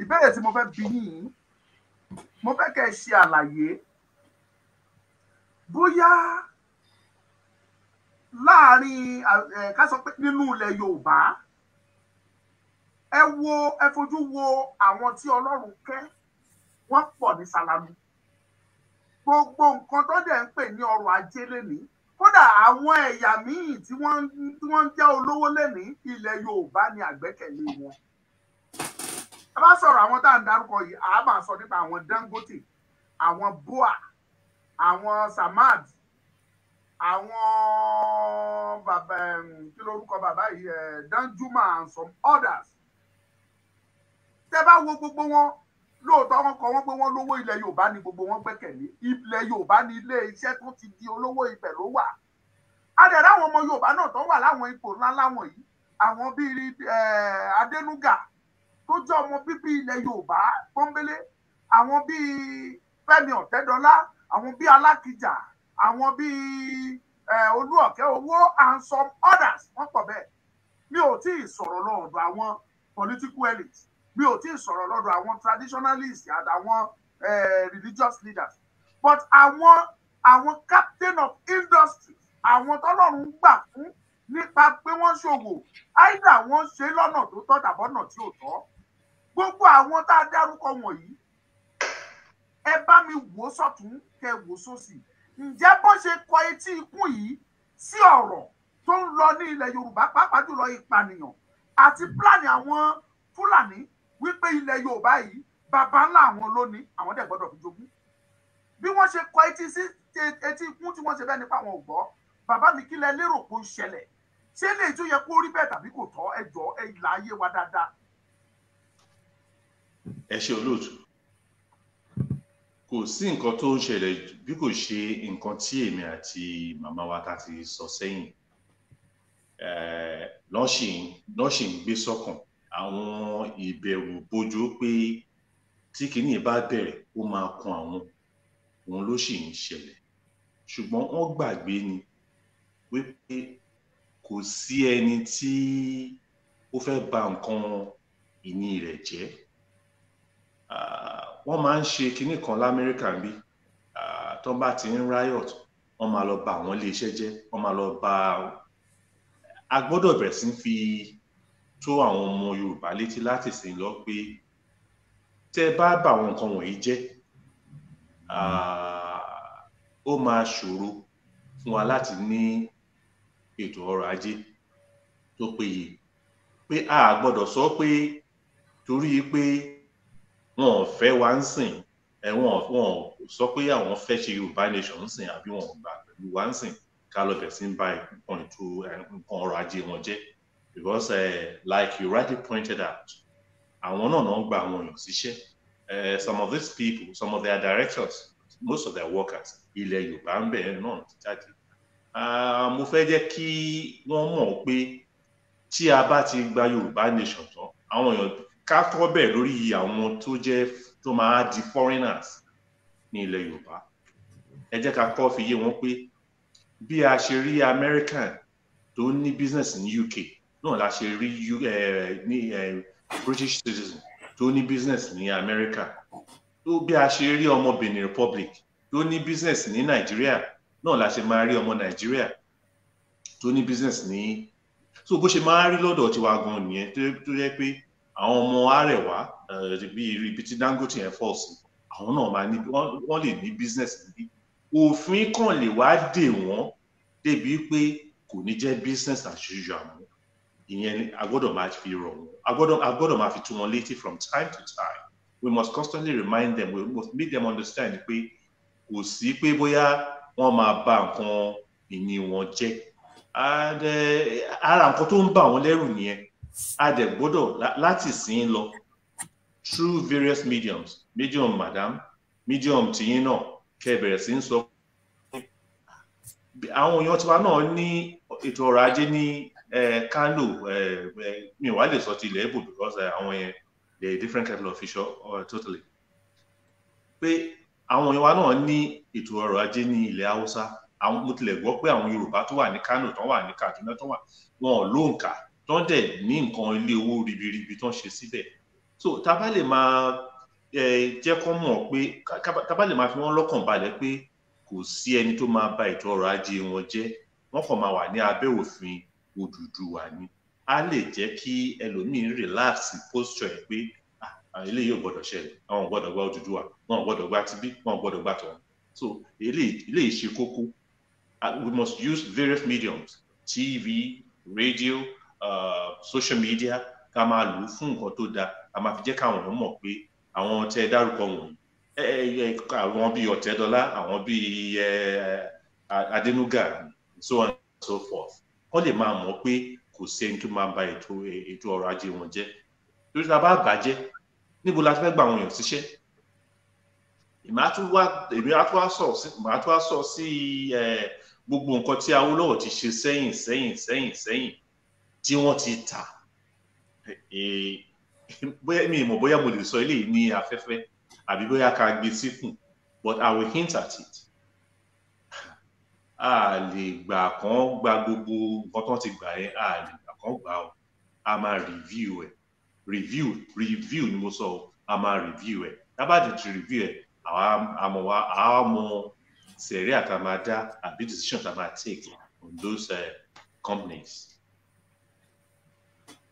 ìbéèrè tí mo fẹ́ bi yín mo fẹ́ kẹ́ ẹ ṣe àlàyé bóyá láàrin ká sọ pé nínú ilẹ̀ Yorùbá ẹ wo ẹ fojú wo àwọn tí ọlọ́run kẹ́ wọ́n pọ̀ ní sàlámù gbogbo nǹkan tó dẹ̀ ń pè ní ọrọ̀ ajé lẹ́nìí kódà àwọn ẹ̀yà míì tí wọ́n tí wọ́n jẹ́ olówó lẹ́nìí ilẹ̀ Yorùbá ni àgbẹ́kẹ̀lé wọn ẹ bá sọ̀rọ̀ àwọn tá à ń dárúkọ yìí àá máa sọ nípa àwọn Dangote àwọn BUA àwọn Samad àwọn bàbá kí lorúkọ bàbá yìí Danjuma and some others tẹ bá wo gbogbo wọn lóòótọ́ wọn kọ wọn pé wọ́n lówó ilẹ̀ yorùbá ni gbogbo wọn gbẹ́kẹ̀lé ilẹ̀ yorùbá ni ilé iṣẹ́ tó ti di olówó ibẹ̀ ló wà adẹ̀rẹ̀ àwọn ọmọ yorùbá náà tó wà láwọn ipò ńláńlá wọ̀nyí àwọn bíi eh, adẹnuga tó jẹ́ ọmọ bíbí ilẹ̀ yorùbá pọ́nbélé àwọn bíi fẹ́mi ọ̀tẹ́dọ́lá àwọn bíi alákìjà àwọn bíi eh, olúọ̀kẹ́ owó and some others wọ́n pọ̀ bẹ́ẹ̀ mi ò tí sọ̀rọ̀ lọ́ọ̀dọ̀ àwọn political elite mi ò tí ì sọ̀rọ̀ lọ́dọ̀ àwọn traditionalists àtàwọn eh, religious leaders but àwọn àwọn captain of industry àwọn tọ́lọ́run gbà fún nípa pé wọ́n ṣòwò áìdà wọ́n ṣe lọ́nà tó tọ́ tàbọ́nà tí ò tọ́ gbogbo àwọn tá a dárúkọ wọ̀nyí ẹ bá mi wò ó sọ̀tún kẹ wò ó sósì ǹjẹ́ bó ṣe kọ etí ikún yìí sí ọ̀rọ̀ tó ń lọ ní ilẹ̀ Yorùbá pàápàá jùlọ ìpànìyàn àti pílànì àwọn Fúlàní wípé ilẹ̀ Yorùbá yìí bàbá ńlá àwọn lónìí àwọn dẹ̀ gbọ́dọ̀ fi jogún bí wọ́n ṣe kọ etí sí etí ikún tí wọ́n ṣe bẹ́ẹ̀ nípa àwọn ògbọ́ bàbá mi kílẹ̀ lérò kó ṣẹlẹ̀ ṣé lè tó yẹ kó rí bẹ́ẹ̀ tàbí kò tọ́ ẹ jọ ẹ là ayé wa dáadáa. ẹ ṣe olóòtú kò sí nǹkan tó ń ṣẹlẹ̀ bí kò ṣe nǹkan tí èmi àti màmá wa ta ti sọ sẹ́yìn lọ́ọ̀ṣì ń gbé sọ́kàn àwọn ìbẹ̀rù bojo pé tí kinní bá bẹ̀rẹ̀ ó máa kan àwọn òun ló sì ń ṣẹlẹ̀ ṣùgbọ́n wọ́n gbàgbé ni wípé kò sí ẹni tí ó fẹ́ ba nǹkan ìní rẹ̀ jẹ́ wọ́n máa ń ṣe kinní kan lamẹ́ríkà bí tó bá ti ń riot wọ́n máa lọ ba àwọn iléeṣẹ́ jẹ́ wọ́n máa lọ ba a gbọ́dọ̀ bẹ̀rẹ̀ sí fi tó àwọn ọmọ Yorùbá létí láti sìn lọ pé tẹ́ bá bá àwọn nǹkan wọ̀nyí jẹ́ ó máa ṣòro fún wa láti ní ètò ọrọ̀ ajé tó péye pé a gbọ́dọ̀ sọ pé torí pé wọn ò fẹ́ wa ń sìn wọn ò sọ pé àwọn fẹ́ ṣe Yorùbá nation ń sìn àbí wọn ò gbà pẹ̀lú wa ń sìn ká lọ bẹ̀ sí ń ba nǹkan ọrọ̀ ajé wọn jẹ́ because uh, like you rightly pointed out, àwọn eh, some of these people some of their directors most of their workers ilẹ̀ Yorùbá ń bẹ̀ náà ti jáde ah, mo fẹ́ jẹ́ kí wọ́n mọ̀ pé tí a bá ti gba Yorùbá nation tán àwọn èèyàn ká kọ́ lórí àwọn tó jẹ́ tó máa di foreigners ní ilẹ̀ Yorùbá ẹ jẹ́ ká kọ́ fi yé wọn pé bí a ṣe rí American tó ní business ní UK náà la ṣe rí eh, ní eh, British citizen tó ní business ní America tó bí a ṣe rí ọmọ Benin Republic tó ní business ní Nigeria. náà la ṣe máa rí ọmọ Nàìjíríà tó ní business ní so bó ṣe máa rí lọ́dọ̀ tiwa gan nìyẹn tó yẹ pé àwọn ọmọ Arẹwà eh, ibi tí Dangote yẹn fọ́ sí àwọn náà máa ní wọ́n lè ní business níbí òfin kan lè wá dè wọ́n débi pé kò ní jẹ́ business as usual ìyẹn a gbọ́dọ̀ máa fi rọ̀ wọ́n a máa fi tú wọn létí from time to time we must constantly remind them we must make them understand pé kò sí pé bóyá wọ́n máa bà nǹkan ìní wọn jẹ́ eh, ara nǹkan tó ń bà wọ́n lẹ́rù nìyẹn a dẹ̀ gbọ́dọ̀ láti sìn lọ through various mediums medium madam medium tìyín náà kẹbẹ̀rẹ̀ sí ń sọ àwọn èèyàn tiwa náà ní ètò ọrọ̀ ajé ní Kano mi wàá lè sọ ti ilẹ̀ Igbo because àwọn yẹn they are different kind of fish uh, totally pé àwọn Yorùbá náà ní ètò ọrọ̀ ajé ní ilẹ̀ Haúsá àwọn mo tilẹ̀ gbọ́ pé àwọn Yorùbá tó wà ní Kano tó wà ní Kaduna to wà wọn ò lóǹkà tó dẹ̀ ní nǹkan ilé owó ribiribi tó ń ṣe síbẹ̀ so tá a bá lè máa jẹ́ kó mọ̀ pé tá a bá lè máa fi wọ́n lọ́kàn balẹ̀ pé kò sí ẹni tó máa ba ètò ọrọ̀ ajé wọn jẹ́ wọ́n kàn máa wà ní abẹ́ òfin Odùduwà ni á lè jẹ́ kí ẹlòmíín relax posture ẹ̀ pé eléyìí ò gbọ́dọ̀ ṣẹlẹ̀ àwọn ò gbọ́dọ̀ gba Odùduwà wọn ò gbọ́dọ̀ gba tibí wọn ò gbọ́dọ̀ gba tọ̀hún so eléyìí ṣe kókó we must use various mediums TV radio uh, social media ká máa lò ó fún nǹkan tó dáa a máa fi jẹ́ káwọn èèyàn mọ̀ pé àwọn tẹ́ ẹ dárúkọ wọ̀nyí àwọn bíi Ọ̀tẹ́dọ́lá àwọn bíi Adénúgà so on and so forth wọ́n lè máa mọ̀ pé kò sẹ́ni tó máa ba ètò ètò ọrọ̀ ajé wọn jẹ́ torí ta bá bàjẹ́ níbo la ti fẹ́ gba àwọn èèyàn síṣẹ́ èmi á tún wá èmi á tún wá sọ sí èmi á tún wá sọ sí gbogbo nǹkan tí Awólọ́wò ti ṣe sẹ́yìn sẹ́yìn sẹ́yìn sẹ́yìn tí wọ́n ti tà bóyá mi ìmọ̀ bóyá mo lè sọ eléyìí ní afẹ́fẹ́ àbí bóyá ká gbé e síkùn but I will hint at it a lè gbà kán gba gbogbo nǹkan tó ti gbà yẹn a lè gbà kán gbà o a máa review ẹ review review ni mo sọ o a máa review ẹ tábàdì ti review ẹ àwa àmọ wa àwa mọ sẹ̀rí àtàmàdá àbí decision tá a máa take on those uh, companies.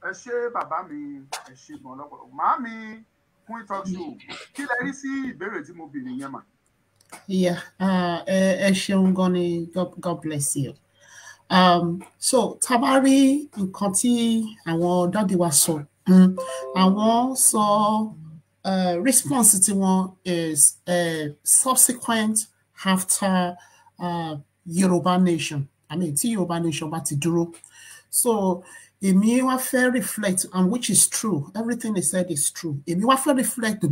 ẹ ṣe bàbá mi ẹ ṣe gan lọ́pọ̀lọpọ̀ màá mi kún ìtọ́jú kí lẹ rí sí ìbéèrè tí mo béèrè yẹn mà. Yeah, uh, Eshion Goni, God, God bless you. Um, so Tabari, nǹkan And àwọn dáàdi wa sọ, also, um, sọ uh, response one is uh, subsequent after uh, Yoruba nation. I mean, it's Yoruba nation but it dúró. So you have fẹ́ reflect and which is true everything they said is true èmi wá fẹ́ reflect lórí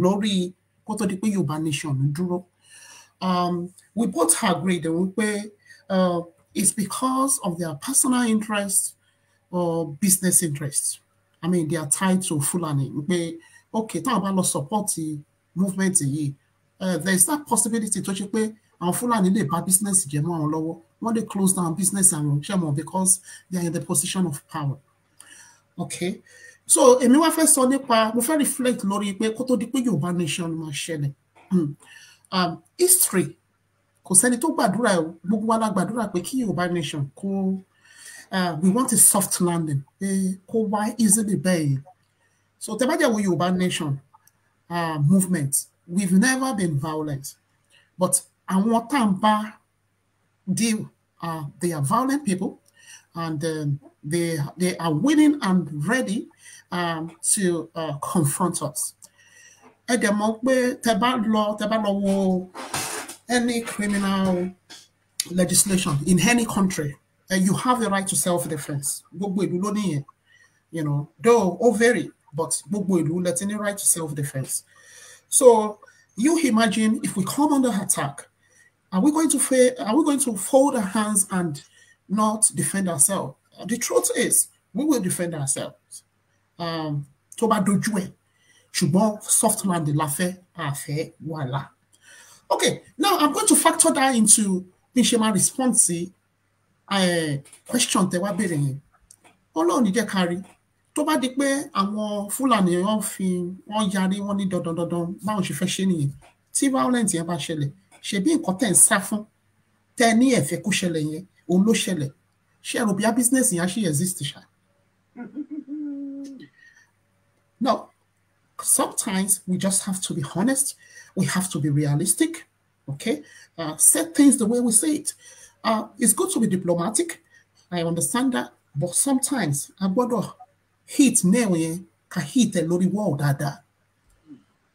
glory. tó di pé Yorùbá nation dúró. um, we both agreed that uh, it's because of their personal interests or business interests. I mean, they are tied to Fulani. Okay, talk about support movement yìí. Uh, there is that possibility to check pé àwọn Fulani lè bá business jẹ mọ́ àwọn lọ́wọ́. close down business and ṣe mọ̀ because they are in the position of power. Okay, so èmi wá fẹ́ sọ nípa mo fẹ́ reflect lórí pé kó tó di pé Yorùbá nation máa Um, history kò sẹ́ni tó gbàdúrà gbogbo wa la gbàdúrà pé kí Yorùbá nation kó uh, we want a soft landing Why is wá easily bẹ́ẹ̀ so tẹ́ bá jẹ́ wo Yorùbá nation uh, movement we've never been violent but àwọn tá à ń bá uh, they are violent people and um, they they are willing and ready um, to uh, confront us ẹ dẹ̀ mọ̀ pé tẹ bá lọ tẹ bá lọ wo any criminal legislation in any country eh, you have a right to self defence gbogbo ìlú ló nìyẹn you know though ó very, but gbogbo ìlú lẹ ti right to self defence so you imagine if we come under attack are we going to fail, are we going to fold our hands and not defend ourselves the truth is we will defend ourselves um, tó bá dojú ẹ ṣùgbọ́n soft landing la fẹ́ àfẹ́ wàhálà. okay now i'm going to factor that into bí n ṣe máa respond sí eh, question tẹ wá béèrè yẹn ọlọ́run ní jẹ́ ká rí tó bá di pé àwọn fúlàní wọn fi wọn yarí wọn ní dandan dandan báwọn ṣe fẹ́ ṣe nìyẹn tí violence yẹn bá ṣẹlẹ̀ ṣebí nǹkan tẹ̀ ń sá fún tẹ ní ẹ̀fẹ́ kó ṣẹlẹ̀ yẹn òun ló ṣẹlẹ̀ ṣé ẹ̀rọ bíi business yẹn á ṣì exist ṣá. Mm-hmm. now sometimes we just have to be honest. We have to be realistic. Okay, uh, say things the way we say it. Uh, it's good to be diplomatic. I understand that, but sometimes I gotta hit nail ka hit a lori wall dada.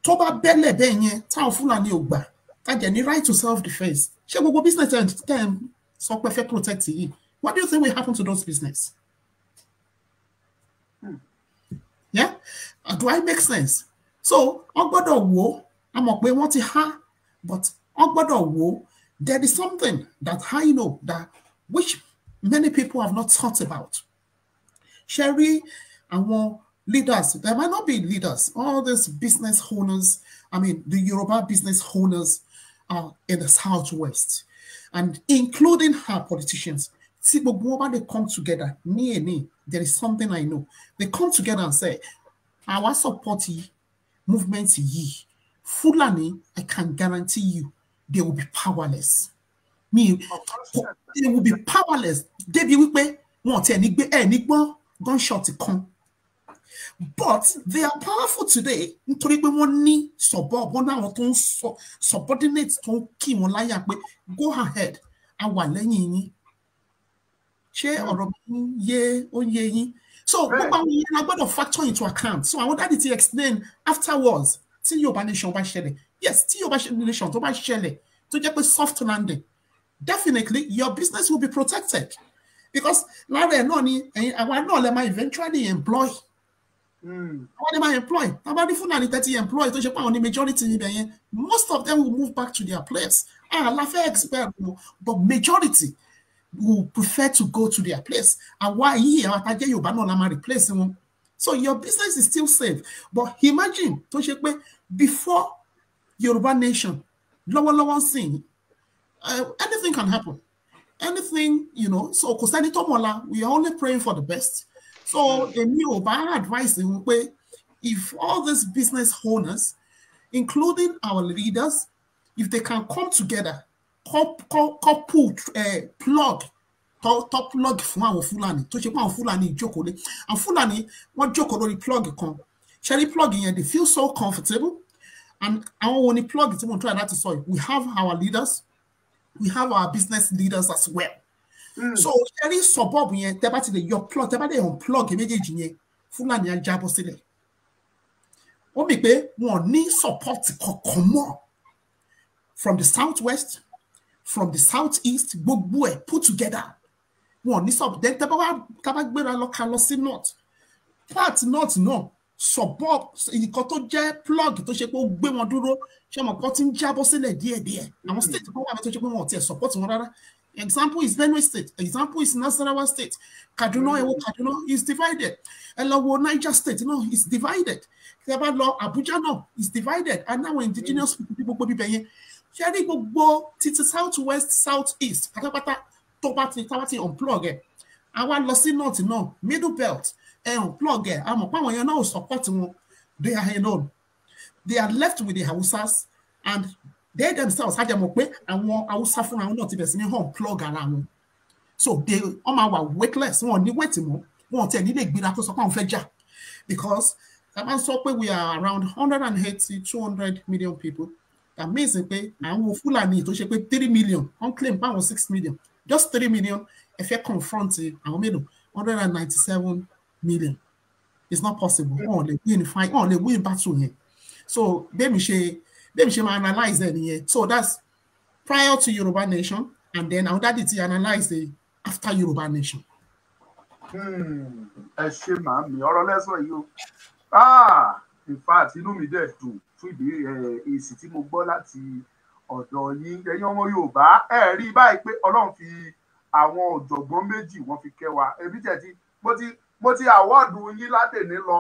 Toba bá bẹ́lẹ̀ bẹ́ẹ̀ yẹn táwọn fúlàní ò gbà ní right to self defence ṣé go business ten sọ perfect protect you. what do you think will happen to those business? Uh, do I make sense so wọ́n gbọ́dọ̀ wò I'm mọ̀ pé wọ́n ti há but wọ́n gbọ́dọ̀ wò there is something that I know that which many people have not thought about Sherry and more leaders they might not be leaders all these business owners I mean the Yoruba business owners are in the southwest and including her politicians See, but wọn they come together Me and me, there is something I know they come together and say Our support movement yìí Fulani I can guarantee you they will be powerless Me, they will be powerless débi wípé wọn ti ẹni gbé ẹni gbọ́ gunshot kan but they are powerful today nítorí pé wọ́n ní suburb wọ́n láwọn tó ń sọ subordinate tó ń kì wọ́n láyà pé go ahead a wà lẹ́yìn yín ṣé ọ̀rọ̀ mi yé ó yé yín so gbogbo I'm going to factor into account so àwọn dáàdi to explain afterwards See your nation bá ṣẹlẹ̀ yes see your nation tó bá ṣẹlẹ̀ tó jẹ́ soft landing definitely your business will be protected because Larry and náà I want àwa náà I eventually employ hmm. àwọn lè máa employ tàbá ní Fúlàní thirty employ tó ṣe pé àwọn ní majority níbẹ̀ yẹn most of them will move back to their place Ah, àlàfẹ́ expert but majority who prefer to go to their place. And why here, àtàjẹ́ Yorùbá náà la máa replace wọn. So your business is still safe. But imagine tó ṣe pé before Yorùbá nation lower thing, uh, anything can happen. Anything, you know, so kò sẹ́ni we are only praying for the best. So èmi ò bá advice wọn if all these business owners, including our leaders, if they can come together couple eh, plug tó plug fún àwọn fúlàní tó ṣe pé àwọn fúlàní jókòó lé àwọn fúlàní wọ́n jókòó lórí plug kan ṣẹ́rí plug yẹn they feel so comfortable and àwọn wo ni plug tí mo try láti sọ we have our leaders we have our business leaders as well mm. so ṣẹ́rí suburb yẹn tẹ́ bá ti lè yọ plug tẹ́ bá lè yàn plug méjèèjì yẹn fúlàní á jábọ́ sílẹ̀ ó mì pé wọn ò ní support kankan mọ́ from the south west from the southeast gbogbo ẹ put together wọn ní sub then tẹ bá wá ká bá gbéra lọ ká lọ sí north part north náà support. nǹkan tó jẹ́ plug tó ṣe pé ó gbé wọn dúró ṣé àwọn kan ti ń jábọ́ sílẹ̀ díẹ̀díẹ̀ àwọn mm. state kan wà ní tó ṣe pé wọn ò tiẹ̀ support wọn rárá example is Benue state example is Nasarawa state Kaduna mm. ẹ Kaduna is divided ẹ lọ wò Niger state náà is divided tí a bá lọ Abuja náà is divided and now indigenous mm. people gbogbo bíbẹ yẹn ṣe rí gbogbo títí south west south east pátápátá tó bá ti tábà ti unplug ẹ̀ a wá lọ sí north náà middle belt ẹ̀ unplug ẹ̀ a mọ̀ pé àwọn yẹn náà ò support wọn they are alone they are left with the hausas and they themselves had mọ̀ pé àwọn hausa fúnra wọn náà ti bẹ̀rẹ̀ sí ní unplug ara wọn so they wọ́n máa wà weightless wọn ò ní weight mọ́ wọn ò tẹ̀ nílé ìgbéra tó sọ pé àwọn fẹ́ jà because tàbá sọ pé we are around one hundred and eighty two hundred million people That amazing pé àwọn fúlàní tó ṣe pé three million wọ́n claim báwọn six million just three million ẹ fẹ́ confront àwọn mélòó one hundred and ninety seven million it's not possible wọn ò lè win fight wọn ò lè win battle yẹn so bẹ́ẹ̀mi ṣe bẹ́ẹ̀mi ṣe máa analyse ẹ̀ nìyẹn so that's prior to Yorùbá nation and then àwọn dáàdì ti analyse ẹ̀ after Yorùbá nation. Hmm, ẹ ṣe màámi ọ̀rọ̀ lẹ́sọ̀ yìí o. Ah! in fact inú mi dẹ̀ dùn fún ìdí èsì tí mo gbọ́ láti ọ̀dọ̀ yín ẹ̀yin ọmọ yorùbá ẹ̀ rí báyìí pé ọlọ́run fi àwọn ọ̀jọ̀gbọ́n méjì wọ́n fi kẹ́ wa èmi tẹ̀ ti mo ti mo ti àwọ́ọ̀dù yín ládèní lọ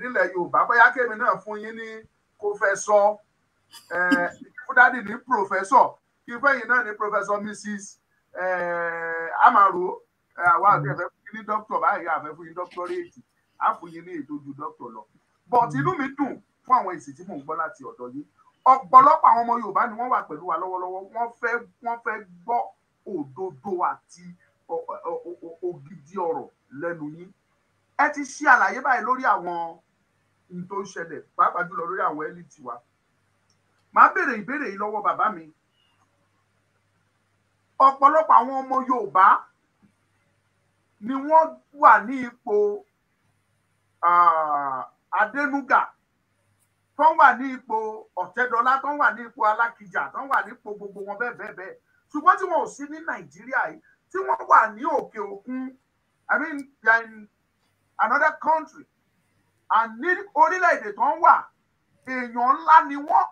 nílẹ̀ yorùbá bóyá kémi náà fún yín ní kó fẹ́ sọ fúdádì ní pòfẹ́sọ̀ kí fẹ́yìn náà ní pòfẹ́sọ̀ mrs amaro àwọn àgbẹ̀fẹ́ fún yín ní dókítọ̀ báyìí àfẹ́ fún yín dókítọ̀rẹ́ẹ̀tì á fún yín ní ìtọ́jú dókítà lọ but hmm. inú mi dùn fún àwọn èsì tí mò ń gbọ́ láti ọ̀dọ̀ yín ọ̀pọ̀lọpọ̀ àwọn ọmọ Yorùbá ni wọ́n wà pẹ̀lú wa lọ́wọ́lọ́wọ́ wọ́n fẹ́ wọ́n fẹ́ gbọ́ òdodo àti ògidì ọ̀rọ̀ lẹ́nu yín ẹ ti ṣe àlàyé báyìí lórí àwọn ohun tó ń ṣẹlẹ̀ pàápàá jùlọ lórí àwọn ẹlẹ́tì wa màá béèrè ìbéèrè yìí lọ́wọ́ bàbá mi ọ̀pọ̀lọpọ̀ àwọn ọmọ Yorùbá ni wọ́n wà ní ipò Ah, Adénúgà tó ń wà ní ipò Ọ̀tẹ́dọ́lá tó ń wà ní ipò Alákìjà tó ń wà ní ipò gbogbo wọn bẹ́ẹ̀ bẹ́ẹ̀ bẹ́ẹ̀ ṣùgbọ́n tí wọn ò sí ní Nàìjíríà yìí tí wọ́n wà ní òkè òkun I mean they are in another country and ní orílẹ̀-èdè tó ń wà èèyàn ńlá ni wọ́n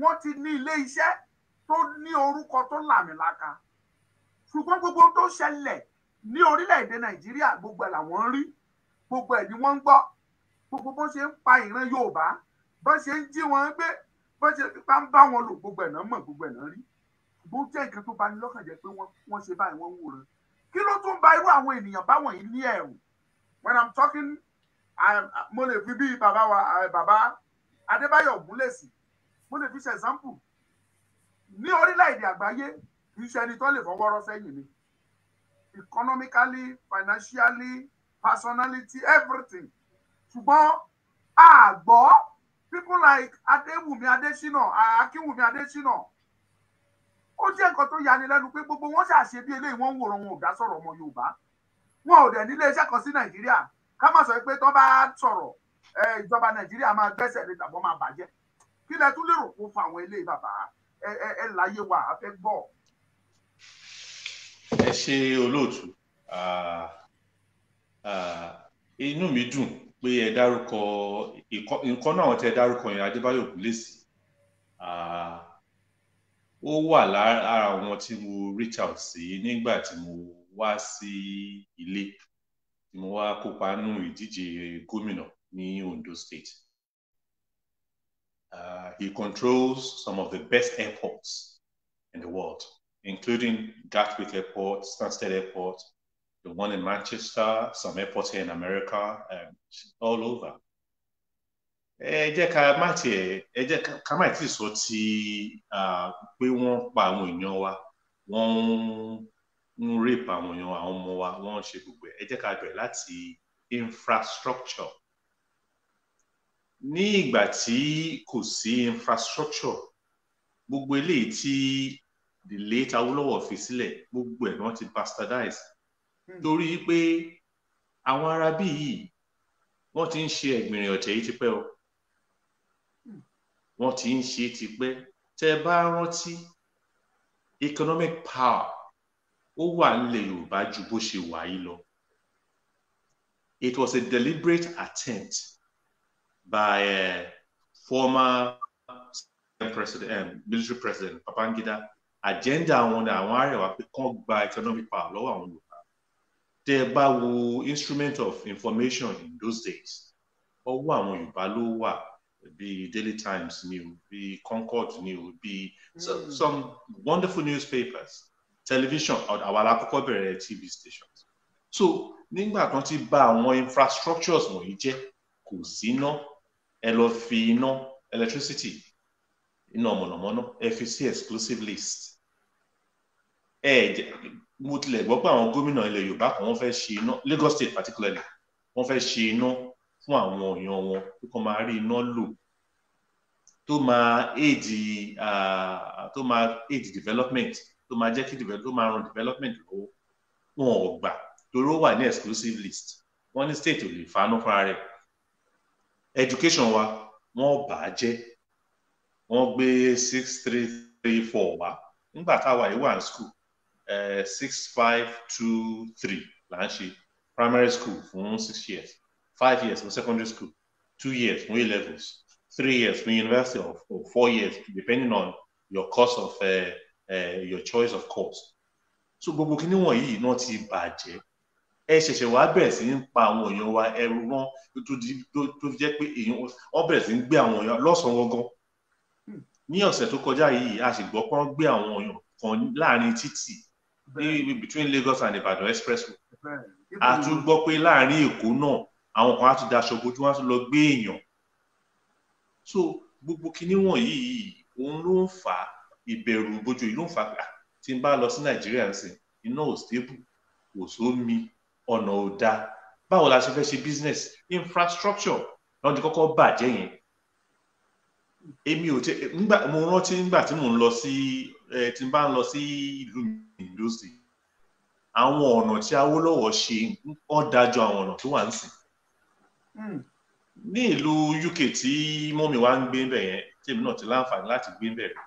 wọ́n ti ní ilé iṣẹ́ tó ní orúkọ tó làmìlaka ṣùgbọ́n gbogbo tó ṣẹlẹ̀ ní orílẹ̀-èdè Nàìjíríà gbogbo ẹ̀ làwọn ń rí gbogbo ẹ̀ ni wọ́n ń gbọ́ gbogbo bó ṣe ń pa ìran Yorùbá bó ṣe ń jí wọn gbé bó ṣe bá ń bá wọn lò gbogbo ẹ̀ náà mọ̀ gbogbo ẹ̀ náà rí bó jẹ́ nǹkan tó bani lọ́kàn jẹ́ pé wọ́n ṣe báyìí wọ́n ń wòran kí ló tún ba irú àwọn ènìyàn báwọn yìí ní ẹ̀rù when i'm talking mo lè fi bí bàbá wa eh, bàbá Adébáyọ̀ Ògúnlẹ̀sì mo lè fi ṣe example ní orílẹ̀-èdè àgbáyé kì í ṣe ẹni tó lè fọwọ́rọ́ sẹ́yìn ni economically financially personality everything ṣùgbọ́n àgbọ̀ people like adéwùmí adésínà akínwùmí adésínà ó jẹ́ nǹkan tó yani lẹ́nu pé gbogbo wọn ṣàṣe bí eléyìí wọ́n ń wòran wọn ò dá sọ̀rọ̀ ọmọ yorùbá wọn ò dẹ̀ nílé iṣẹ́ kan sí nàìjíríà ká má sọ pé tó bá sọ̀rọ̀ ìjọba nàìjíríà máa gbẹ́sẹ̀ lé tàbí wọ́n máa bàjẹ́ kí lẹ tún lérò kó fa àwọn eléyìí bàbá ẹ láyé wa a fẹ́ gbọ́. ẹ ṣe olóòtú ah, Ah, inú mi dùn pé ẹ dárúkọ nǹkan náà tẹ dárúkọ yẹn Adébáyọ̀ Ògúnléyìí ah, ó wà lára àwọn tí mo reach out sí nígbà tí mo wá sí ilé tí mo wá kópa nínú ìdíje gómìnà ní Ondo State. Uh, he controls some of the best airports in the world, including Gatwick Airport, Stansted Airport, the one in Manchester, some airports here in America, and um, all over. ẹ jẹ́ ká má tiẹ̀ ẹ jẹ́ ká má tí sọ ti pé wọ́n pa àwọn èèyàn wa wọ́n ń rape àwọn èèyàn àwọn ọmọ wa wọ́n ṣe gbogbo ẹ jẹ́ ká bẹ̀rẹ̀ láti infrastructure. ní ìgbà tí kò sí infrastructure gbogbo eléyìí tí the late Awólọ́wọ̀ fi sílẹ̀ gbogbo ẹ̀ ni wọ́n ti bastardize torí pé àwọn arábí yìí wọ́n ti ń ṣe ẹ̀gbìnrìn ọ̀tẹ̀ yìí tipẹ́ o wọ́n ti ń ṣe tipẹ́ tẹ́ ẹ bá rántí economic power ó wà nílẹ̀ Yorùbá ju bó ṣe wà yìí lọ it was a deliberate attempt by uh, former president, um, military president Babangida agenda àwọn àwọn Arewa pé kán gba economic power lọ́wọ́ àwọn Yorùbá tẹ́ ẹ bá wo instrument of information in those days ọwọ́ àwọn Yorùbá ló wà bíi Daily Times ni o bíi Concord ni o bíi hmm. some wonderful newspapers television àwa la bẹ̀rẹ̀ TV stations so nígbà kan ti bà àwọn infrastructures wọ̀nyí jẹ́ kò sí iná ẹ lọ fi iná electricity iná mọ̀nàmọ́ná ẹ fi sí exclusive list ẹ jẹ́ mo tilẹ̀ gbọ́ pé àwọn gómìnà ilẹ̀ yorùbá kan wọ́n fẹ́ ṣe iná lagos state particularly wọ́n fẹ́ ṣe iná fún àwọn èèyàn wọn tó kàn máa rí iná lò tó máa aid tó máa aid development tó máa jẹ́ kí tó máa ran development lọ́wọ́ wọn ò gbà torí ó wà ní exclusive list wọ́n ní state ò lè fanú fúnra rẹ̀ education wa wọ́n bà á jẹ́ wọ́n gbé six three three four wa, nígbà táwa yìí wà ní school Eh, six five two three là ń ṣe primary school fún six years five years for secondary school two years for A levels three years for university or, or four years depending on your course of uh, uh, your choice of course so gbogbo kíní wọ̀nyí náà ti bàjẹ́ ẹ ṣẹ̀ṣẹ̀ wàá bẹ̀rẹ̀ sí ń pa àwọn èèyàn wa ẹrù wọn tó jẹ́ pé èèyàn wọn bẹ̀rẹ̀ sí ń gbé àwọn èèyàn lọ́sàn-án gangan ní ọ̀sẹ̀ tó kọjá yìí a sì gbọ́ pé wọ́n gbé àwọn èèyàn kan láàrin títì ní between Lagos and Ibadan expressway a tún gbọ́ pé láàrin Èkó náà àwọn kan á tún daṣọ bojú wọn tún lọ gbé èèyàn so gbogbo kinní wọ̀nyí òun ló ń fa ìbẹ̀rù bojo yìí ló ń fa pé ah, tí n bá lọ sí Nàìjíríà ń sìn iná ò stable kò sómi ọ̀nà ò dáa báwo la ṣe fẹ́ ṣe business infrastructure lọ́dí kọ́kọ́ bàjẹ́ yẹn èmi ò tẹ mo rántí nígbà tí mò ń lọ sí tí n bá ń lọ sí ìlú ìlúsì àwọn ọ̀nà tí Awólọ́wọ̀ ṣe ó dájú àwọn ọ̀nà tó wà ń sìn hmm. ní ìlú UK tí mọ́mí wa ń gbé bẹ̀ yẹn tèmi náà ti láǹfààní láti gbé bẹ̀ rẹ̀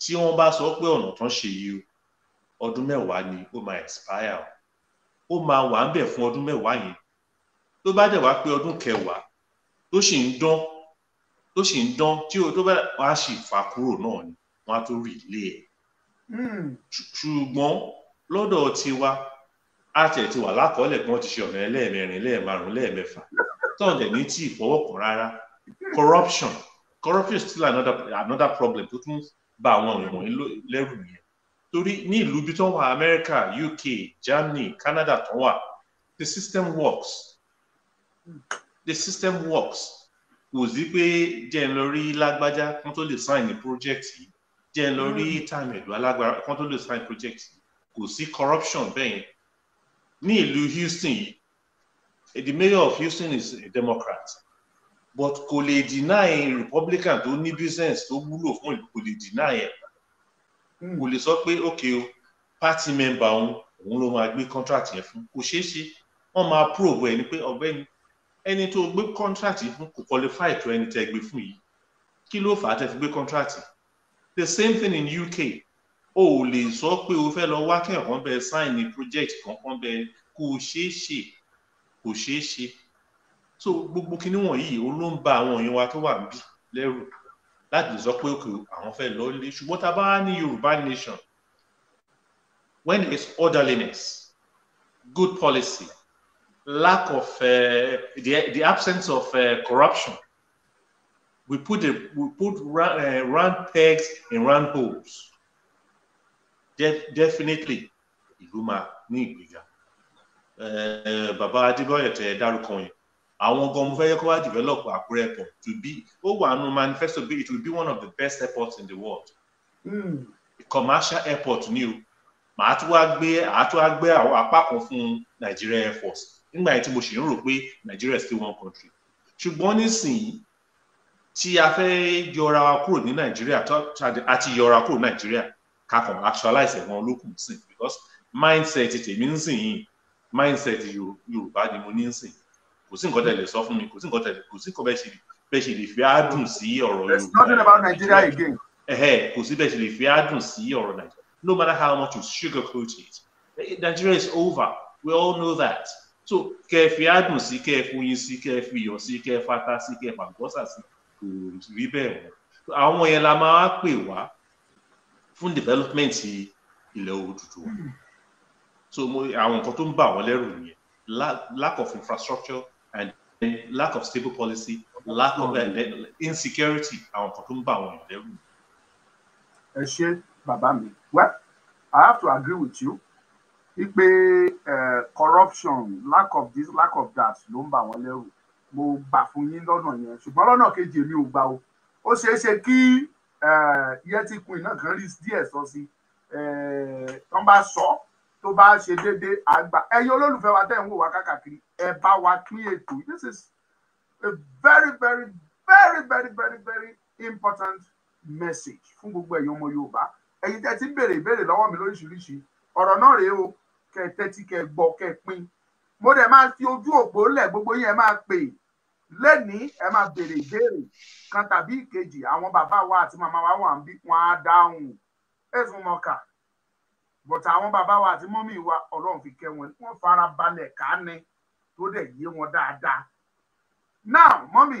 tí wọ́n bá sọ pé ọ̀nà tán ṣe yìí ọdún mẹ́wàá ni ó máa expire ó máa wà ń bẹ̀ fún ọdún mẹ́wàá yẹn tó bá dẹ̀ wá pé ọdún kẹwàá tó sì ń dán tó sì ń dán tí o tó bá wàá sì fà kúrò náà ni wọ́n á tó rìlé ẹ̀. Hmm. ṣùgbọ́n lọ́dọ̀ tiwa a tẹ̀ ti wà lákọọ́lẹ̀ pé wọ́n ti ṣe ọ̀nà ẹlẹ́ẹ̀mẹrin lẹ́ẹ̀márùn lẹ́ẹ̀mẹfà tọ́hún dẹ̀ ní tí ìfọwọ́kàn rárá corruption corruption is still another, another problem tó tún bà àwọn ọ̀ràn lẹ́rù nìyẹn torí ní ìlú bí tó wà Amẹ́ríkà UK Germany Canada tó wà the system works the system works kò sí pé jẹ́ ń lọ rí lágbájá kó tó lè sign ní project yìí jẹ́ lọ hmm. time ẹ̀dùn alágbára kan tó lè sign project kò sí corruption bẹ́ẹ̀ yẹn ní ìlú Houston yìí the mayor of Houston is a Democrat but kò lè deny Republican tó ní business tó wúlò fún ìlú kò lè deny ẹ̀ hmm. kò lè sọ pé okay o party member òun òun ló máa gbé contract yẹn fún kò ṣeé ṣe wọ́n máa prove ẹni pé ọ̀gbẹ́ni ẹni tó gbé contract fún kò qualify tó ẹni tẹ́ gbé fún yìí kí ló fà á tẹ́ fi gbé contract yìí the same thing in UK o ò lè sọ pé o fẹ́ lọ wá kẹ̀kọ́ bẹ sign ní project kankan bẹ kó o ṣeé ṣe kò ṣeé ṣe so gbogbo kinní wọ̀nyí o ló ń ba àwọn èèyàn wa tó wà níbí lẹ́rù láti sọ pé òkè àwọn fẹ́ lọ lé ṣùgbọ́n tá a bá ní Yorùbá nation when there is orderliness good policy lack of uh, the, the absence of uh, corruption we put a, we put round, uh, round pegs in round holes. De- definitely, ìlú máa ní ìgbéga. Uh, Bàbá Adébọ̀yẹ̀ tẹ dárúkọ yẹn. Àwọn gan mo fẹ́ yẹ kó wá develop Àkúrẹ́ airport to be ó wà nù manifesto be. it will be one of the best airports in the world. Mm. Commercial airport new. o. Màá tún wá gbé àá tún wá gbé Nigeria Air Force. In my tí mo ṣì Nigeria is still one country. Should Ṣùgbọ́n nísìnyí tí a fẹ́ yọra wa kúrò ní nàìjíríà àti yọra kúrò nàìjíríà kakàn actualize ẹ̀wọ̀n olókùn sìn because mindset tèmi ń sìn yìí mindset yorùbá ni mo ní ń sìn kò sí nǹkan tẹ̀ lè sọ fún mi kò sí nǹkan tẹ̀ kò sí nǹkan bẹ́ẹ̀ ṣe bẹ́ẹ̀ ṣe lè fi àádùn sí ọ̀rọ̀ yorùbá. nothing about Nigeria again. kò sí bẹ́ẹ̀ ṣe lè fi àádùn sí nàìjíríà no matter how much you sugarcoat it eh, Nigeria is over we all know that so kẹ́ ẹ fi àádùn sí kẹ́ ẹ fi oyin sí kẹ́ ẹ fi iyọ̀ sí kẹ́ ẹ fata sí kẹ́ ẹ sí kò rí bẹ́ẹ̀ mọ́ àwọn yẹn la máa pè wá fún development ilẹ̀ Odùduwà so mo àwọn nǹkan tó ń bà wọ́n lẹ́rù nìyẹn lack of infrastructure and lack of stable policy lack of insecurity àwọn nǹkan tó ń bà wọ́n lẹ́rù. ẹ ṣe bàbá mi well I have to agree with you wípé uh, corruption lack of this lack of that ló ń bà wọ́n lẹ́rù mo gbà fún yín lọ́nà yẹn ṣùgbọ́n lọ́nà kejì mi ò gbà o ó ṣeé ṣe kí yẹtí queen náà kan rí díẹ̀ sọ sí tó bá sọ tó bá ṣe déédéé àgbà ẹ̀yin olólùfẹ́ wa tẹ̀ ń wò wá káàkiri ẹ bá wa pín ètò this is a very very very very very very important message fún gbogbo ẹ̀yin ọmọ Yorùbá ẹ̀yin tẹ́ béèrè ìbéèrè lọ́wọ́ mi lóríṣiríṣi ọ̀rọ̀ náà rèé o kẹ́ tẹ́tí kẹ́ gbọ́ kẹ́ pín mo dẹ̀ máa fi ojú òpó lẹ̀ gbogbo yín máa pè é lẹ́ni ẹ máa béèrè ìbéèrè kan tàbí ìkejì àwọn bàbá wa àti màmá wa wà ń bí wọn á dáhùn ẹ̀sùn mọ̀ọ́kà bọ̀tà àwọn bàbá wa àti mọ́mí wa ọlọ́run fi kẹ́ wọn wọ́n fara balẹ̀ kání tó dẹ̀ yé wọn dáadáa. now mọ́mí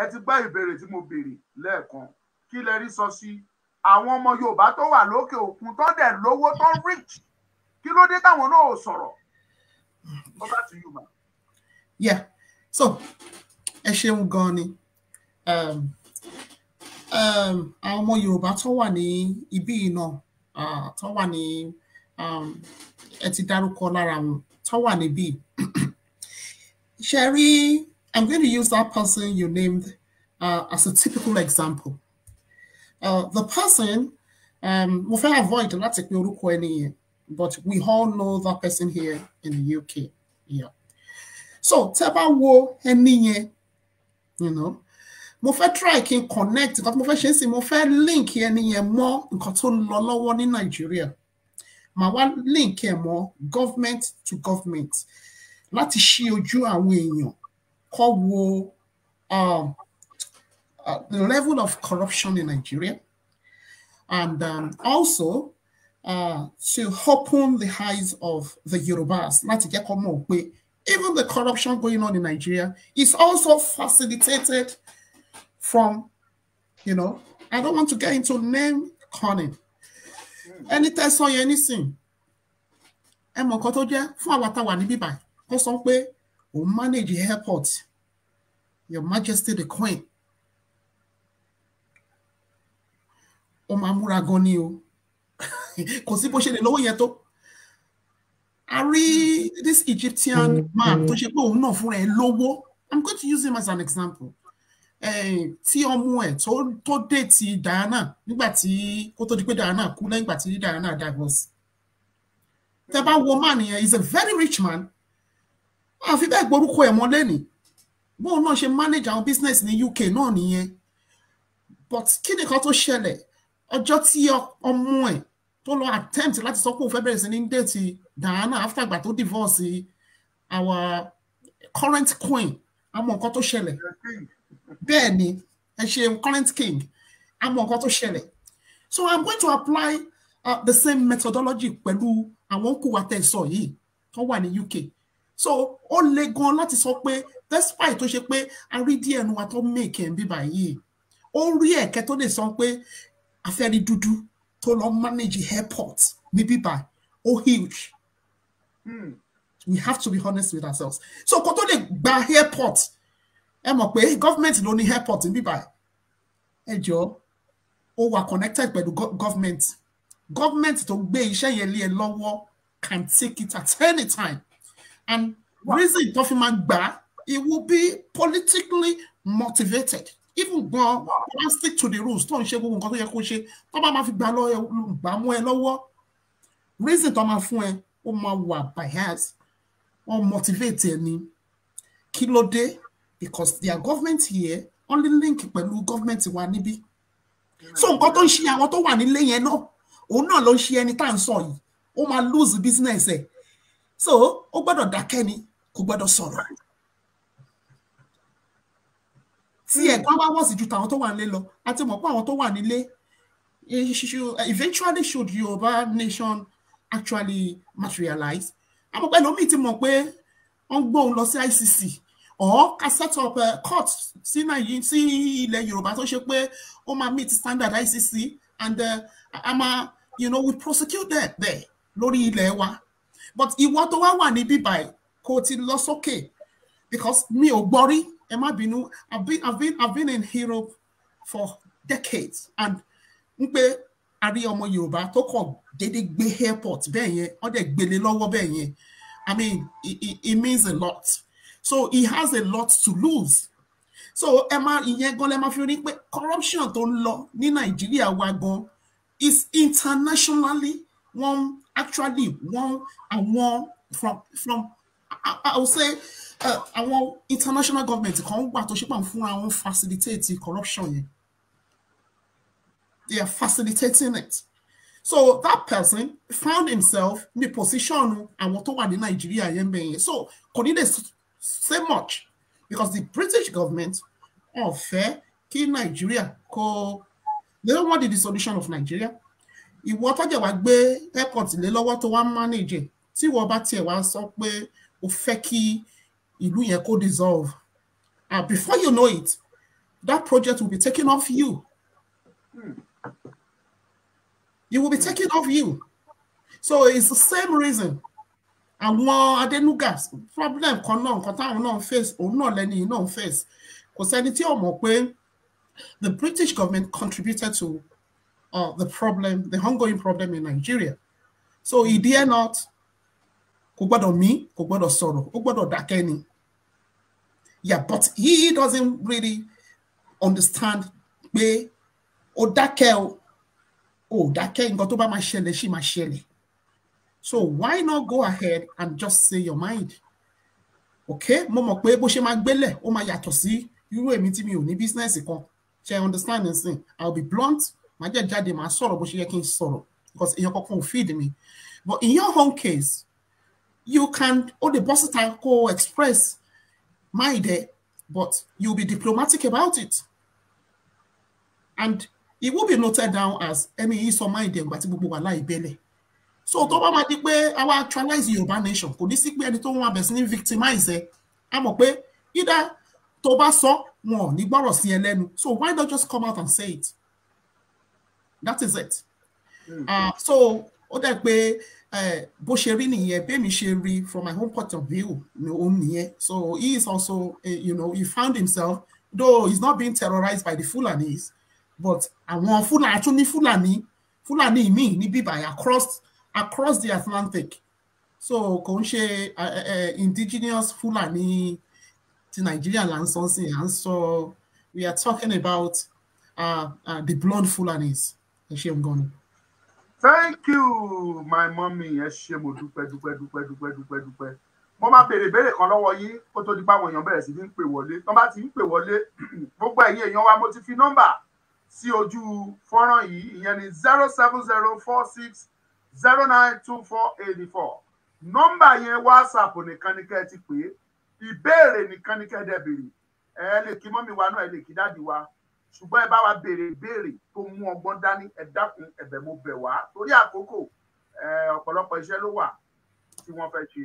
ẹ ti gbọ́ ìbéèrè tí mo béèrè lẹ́ẹ̀kan kí lẹ rí sọ sí àwọn ọmọ yorùbá tó wà lókè òkun tó dẹ̀ lówó tó rich kí ló dé táwọn náà ò sọ̀rọ̀ hmm. over to you ma. yeah so ẹ gan ni um, um, àwọn ọmọ yorùbá tó wà ní ibí tó wà ní um, ẹ ti dárúkọ lára wọn tó wà níbí Sherry, *clears throat* I'm going to use that person you named uh, as a typical example. Uh, the person, um, fẹ́ avoid láti pe orúkọ ẹni yẹn but we all know that person here in the UK. Yeah. So tẹ́ bá wo ẹni yẹn you know mo fẹ́ try kí connect nǹkan tí mo fẹ́ ṣe sí mo fẹ́ link ẹni yẹn mọ́ nǹkan tó lọ lọ́wọ́ ní nàìjíríà màá wá link ẹ̀ mọ́ government to government láti ṣí ojú àwọn èèyàn kọ́ wo the um, uh, level of corruption in Nigeria and um, also uh, to open the eyes of the Yorubas láti jẹ́ kó mọ̀ pé even the corruption going on in Nigeria is also facilitated from, you know, I don't want to get into name calling. Ẹni tẹ́ sọ yẹn nísìn, ẹ mọ̀ nǹkan tó jẹ́ fún àwa tá wà ní bíbá, ó sọ pé òun airport, your majesty the queen. Ó máa múra gan ni o, *laughs* kò sí bó a rí this Egyptian man tó ṣe pé òun náà fúnra ẹ̀ lówó I'm going to use him as an example eh, tí ọmọ ẹ̀ tó dé ti Diana nígbà tí kó tó di pé Diana kú lẹ́yìn ìgbà tí Diana divorce tẹ́ bá wo man yẹn is a very rich man wọ́n fi bẹ́ẹ̀ gborúkọ ẹ̀ mọ́ lẹ́nìí bóun náà ṣe manage àwọn business ní UK náà nìyẹn but kí ni kan tó ṣẹlẹ̀ ọjọ́ tí ọmọ ẹ̀ tó lọ attempt láti sọ pé òun fẹ́ bẹ̀rẹ̀ sí ní déètì Diana after ìgbà tó divorce our current queen àmọ́ nǹkan tó ṣẹlẹ̀ bẹ́ẹ̀ ni ẹ ṣe current king àmọ́ nǹkan tó ṣẹlẹ̀ so i'm going to apply uh, the same methodology pẹ̀lú àwọn òkú wa tẹ̀ sọ yìí tó wà ní UK so ó le gan láti sọ pé despite tó ṣe pé a rí díẹ̀ nu wa tó make ẹ̀ ń bíbà yìí ó rí ẹ̀kẹ́ tó lè sọ pé afẹ́rí dúdú tó lọ manage airport ní bíbà ó huge Hmm. We have to be honest with ourselves. So kò tó lè gba airport ẹ mọ̀ pé gọ́fìmẹ̀ntì ló ní airport ní bíbá ẹ jọ ó wà connected pẹ̀lú government. Government tó gbé iṣẹ́ yẹn lé ẹ lọ́wọ́ can take it at any time and wow. reason tó fi máa gbà it will be politically motivated even gan wow. wan stick to the rules tó ń ṣe gbogbo nǹkan tó yẹ kó ṣe tó bá máa fi gbà mú ẹ lọ́wọ́ reason tó máa fún ẹ ó máa wà bias wọ́n motivate ẹni kí ló dé because their government here only link pẹ̀lú government wa níbí so nǹkan tó ń ṣe àwọn tó wà nílé yẹn náà òun náà ló ń ṣe ẹni tá à ń sọ yìí ó máa lose business ẹ̀ so ó gbọ́dọ̀ dákẹ́ ni kò gbọ́dọ̀ sọ̀rọ̀ tí ẹ̀kọ́ wa wọ̀ sí ju tàwọn tó wà nílé lọ àti mọ̀ pé àwọn tó wà nílé eventually should Yorùbá nation actually materialize amọ̀pẹ́ lómi ti mọ̀ pé wọ́n gbóhùn lọ sí ICC or ká set up a eh, court sí ilẹ̀ Yorùbá tó ṣe pé ó máa meet standard ICC and uh, a you know we prosecute them there lórí ilẹ̀ wa but ìwọ tó wá wà ní bíbá ẹ̀ kò ti lọ sókè because mi ò gbọ́ rí ẹ má bínú I've been I've been I've been in Europe for decades and n pe a rí ọmọ yorùbá tó kàn déédéé gbé airport bẹ́ẹ̀ yẹn wọ́n dẹ̀ gbélé lọ́wọ́ bẹ́ẹ̀ yẹn i mean it, it, it means a lot so he has a lot to lose so ẹ máa ìyẹn gan lẹ máa fi rí pé corruption tó ń lọ ní nàìjíríà wa gan is internationally wọ́n actually wọ́n àwọn from from I, I would say uh, àwọn uh, international government kan wà tó ṣe pàm fúnra wọn facilitate corruption yẹn They are facilitating it. So that person found himself in the position and tó wà ní Nàìjíríà yẹn So kò ní say much because the British government wọn fẹ́ kí Nàìjíríà they don't want the dissolution of Nigeria. Ìwọ tọ́jà wá gbé airport lé lọ́wọ́ tó wá manage it. Tí ìwọ bá tiẹ̀ wá sọ pé o fẹ́ kí ìlú dissolve. And ah, before you know it, that project will be taken off you. Hmm you will be hmm. taken off you. So it's the same reason. Àwọn Adenuga problem kan náà nǹkan táwọn náà face òun náà lẹ́ni yìí náà face. Kò sẹ́ni tí ò mọ̀ pé the British government contributed to uh, the problem, the ongoing problem in Nigeria. So he hmm. dare not kò gbọ́dọ̀ mí kò gbọ́dọ̀ sọ̀rọ̀ ó gbọ́dọ̀ dákẹ́ ni yeah but he doesn't really understand pé ó dákẹ́ o ò dákẹ́ nǹkan tó bá máa ṣẹlẹ̀ she my ṣẹlẹ̀ so why not go ahead and just say your mind okay mo mọ̀ pé bó ṣe máa gbélẹ̀ ó máa yàtọ̀ sí irú èmi tí mi ò ní bísínẹ́sì kan ṣe understand this thing. I'll be blunt màá jẹ́ jáde màá sọ̀rọ̀ bó ṣe yẹ kí n because èèyàn kankan ò feed me. but in your own case you can ó the bọ́ time go express My day, but you'll be diplomatic about it and it will be noted down as ẹni yìí sọ máìdì ẹ̀gbà tí gbogbo wà láì bẹ́lẹ̀ so tó bá máa di pé àwa actualize yorùbá nation kò ní sí pé ẹni tó ń wá bẹ̀ sí ní victimize ẹ a mọ̀ pé either tó bá sọ wọn ò ní gbọ́rọ̀ sí ẹ lẹ́nu so why not just come out and say it that is it uh, so ó dẹ̀ pé eh, bó ṣe rí nìyẹn bẹ́ẹ̀mi ṣe rí from my home point of view ni òun nìyẹn so he is also uh, you know he found himself though he's not being terrorized by the Fulanis but àwọn fúlàní tún ní fúlàní fúlàní míì ní bíbà across across the Atlantic so kò ń ṣe indigenous fúlàní ti Nàìjíríà là ń sọ sí à ń sọ we are talking about uh, uh, the blonde Fulanis ẹ ṣeun gan ni. thank you my mummy ẹ ṣé mo dúpẹ́ dúpẹ́ dúpẹ́ dúpẹ́ dúpẹ́ dúpẹ́ mo máa béèrè béèrè kan lọ́wọ́ yín kó tó di pé àwọn èèyàn bẹ̀rẹ̀ sí ní pè wọlé tó bá ti ń pè wọlé *clears throat* gbogbo ẹ̀yin èèyàn wa mo ti fi nọ́mbà sí ojú fọ́nrán yìí ìyẹn ni zero seven zero four six zero nine two four eighty four nọ́mbà yẹn whatsapp nìkan ni kẹ́ ẹ ti pè é ìbéèrè nìkan ni kẹ́ ẹ dẹ̀ béèrè ẹ lè kí mọ́mì wa náà ẹ lè kí dáàdì wa ṣùgbọ́n ẹ bá wa béèrè ìbéèrè tó mú ọgbọ́n dání ẹ dákun ẹ̀bẹ̀ mo bẹ̀ wá torí àkókò ọ̀pọ̀lọpọ̀ iṣẹ́ ló wà tí wọ́n fẹ́ ṣe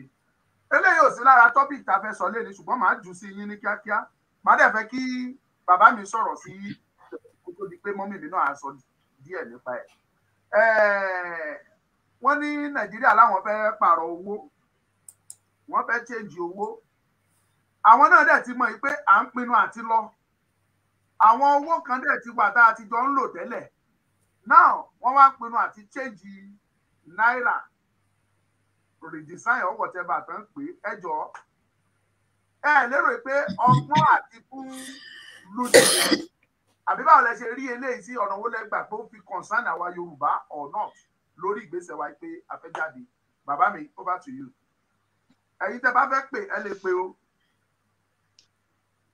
eléyìí ò sí lára tọ́pìkì tá sọ lé ní ṣùgbọ́n màá jù sí yín ní kíákíá màá dẹ̀ fẹ́ kí bàbá mi sọ̀rọ̀ sí yín di pé mọ́mì mi náà á sọ díẹ̀ nípa ẹ̀. wọ́n ní nàìjíríà láwọn fẹ́ pààrọ̀ owó wọ́n fẹ́ change owó àwọn náà dẹ̀ ti mọ̀ yìí pé à ń pinnu àti lọ àwọn owó kan dẹ̀ ti wà tá a ti jọ ń lò tẹ́lẹ̀ now wọ́n wá pinnu àti change náírà redesign or whatever tó ń pè é ẹjọ́ ẹ lérò pé ọgbọ́n àti fún lùdìdì àbí báwo lẹ ṣe rí eléyìí sí ọ̀nà owó lẹ́gbà tó fi concern àwa yorùbá or not lórí ìgbésẹ̀ wa pé a fẹ́ jáde bàbá mi over to you ẹ̀yin tẹ́ bá fẹ́ pè ẹ lè pè o.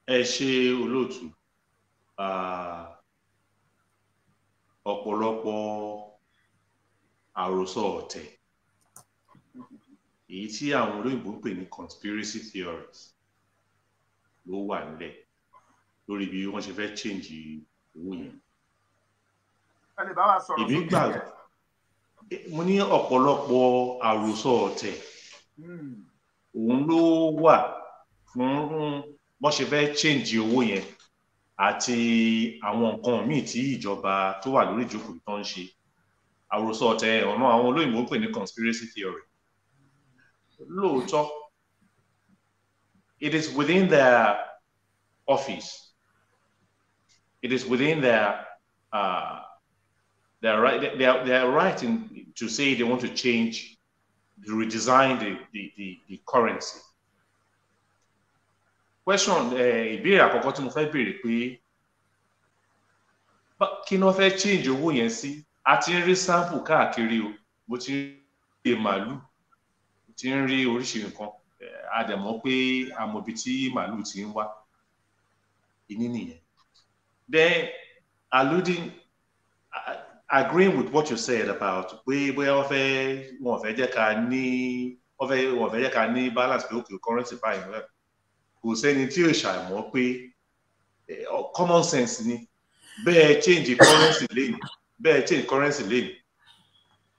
ẹ ṣe olóòtú ọ̀pọ̀lọpọ̀ àròsọ ọ̀tẹ̀ èyí tí àwọn olóyìnbó ń pè ní conspiracy theories ló wà nílẹ̀ lórí bí wọ́n ṣe fẹ́ change owó yẹn. èmi gbà mo ní ọ̀pọ̀lọpọ̀ àròsọ ọ̀tẹ̀ hmm. òun ló wà fún bọ́n ṣe fẹ́ change owó yẹn àti àwọn nǹkan míì tí ìjọba tó wà lórí ìjókòó tó ń ṣe àròsọ ọ̀tẹ̀ ọ̀nà àwọn olóyìnbó pè ní conspiracy theory lóòótọ́ it is within their office it is within their uh, their right their, their right in, to say they want to change, to redesign the, the, the, the currency. Question uh, ìbéèrè àkọ́kọ́ tí mo fẹ́ béèrè pé kí ni wọ́n fẹ́ change owó yẹn sí a ti ń rí sample káàkiri o mo ti rí màálù mo ti ń rí oríṣiríṣi nǹkan a dẹ̀ mọ̀ pé àmọ̀bi tí màálù ti ń wá ìní nìyẹn then alluding, agreeing with what you said about we bóyá wọ́n fẹ́ wọ́n fẹ́ jẹ́ ká ní wọ́n fẹ́ wọ́n balance pé òkè currency buying. náà say sẹ́ni tí yóò ṣàìmọ̀ pé common sense ni bẹ́ẹ̀ change the currency lane bẹ́ẹ̀ change currency lane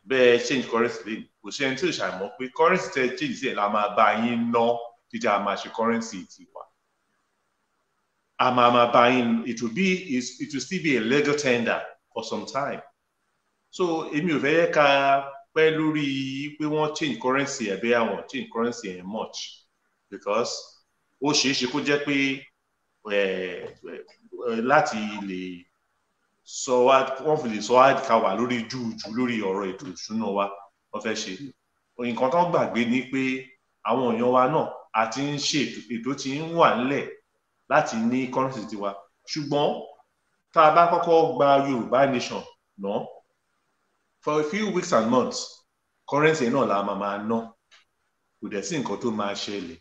bẹ́ẹ̀ change currency lane kò sẹ́ni tí yóò ṣàìmọ̀ pé currency change sí ẹ̀ la máa bá yín ná títí currency Amama buying, it will be, it will still be a legal tender for some time. So èmi ò fẹ́ ká pẹ́ lórí pé wọ́n change currency ẹ̀ bẹ́ẹ̀ àwọn change currency ẹ̀ much because ó ṣeé ṣe kó jẹ́ pé láti lè sọ wá wọ́n fi lè sọ wá ká wà lórí júùjù lórí ọ̀rọ̀ ètò ìṣúná wa wọ́n fẹ́ ṣe. nǹkan tó ń gbàgbé ni pé àwọn èèyàn wa náà àti ń ṣe ètò tí ń wà nílẹ̀ láti ní currency tiwa ṣùgbọ́n tá a bá kọ́kọ́ gba Yorùbá nation ná for a few weeks and months currency náà la máa máa ná kò dẹ̀ sí nǹkan tó máa ṣẹlẹ̀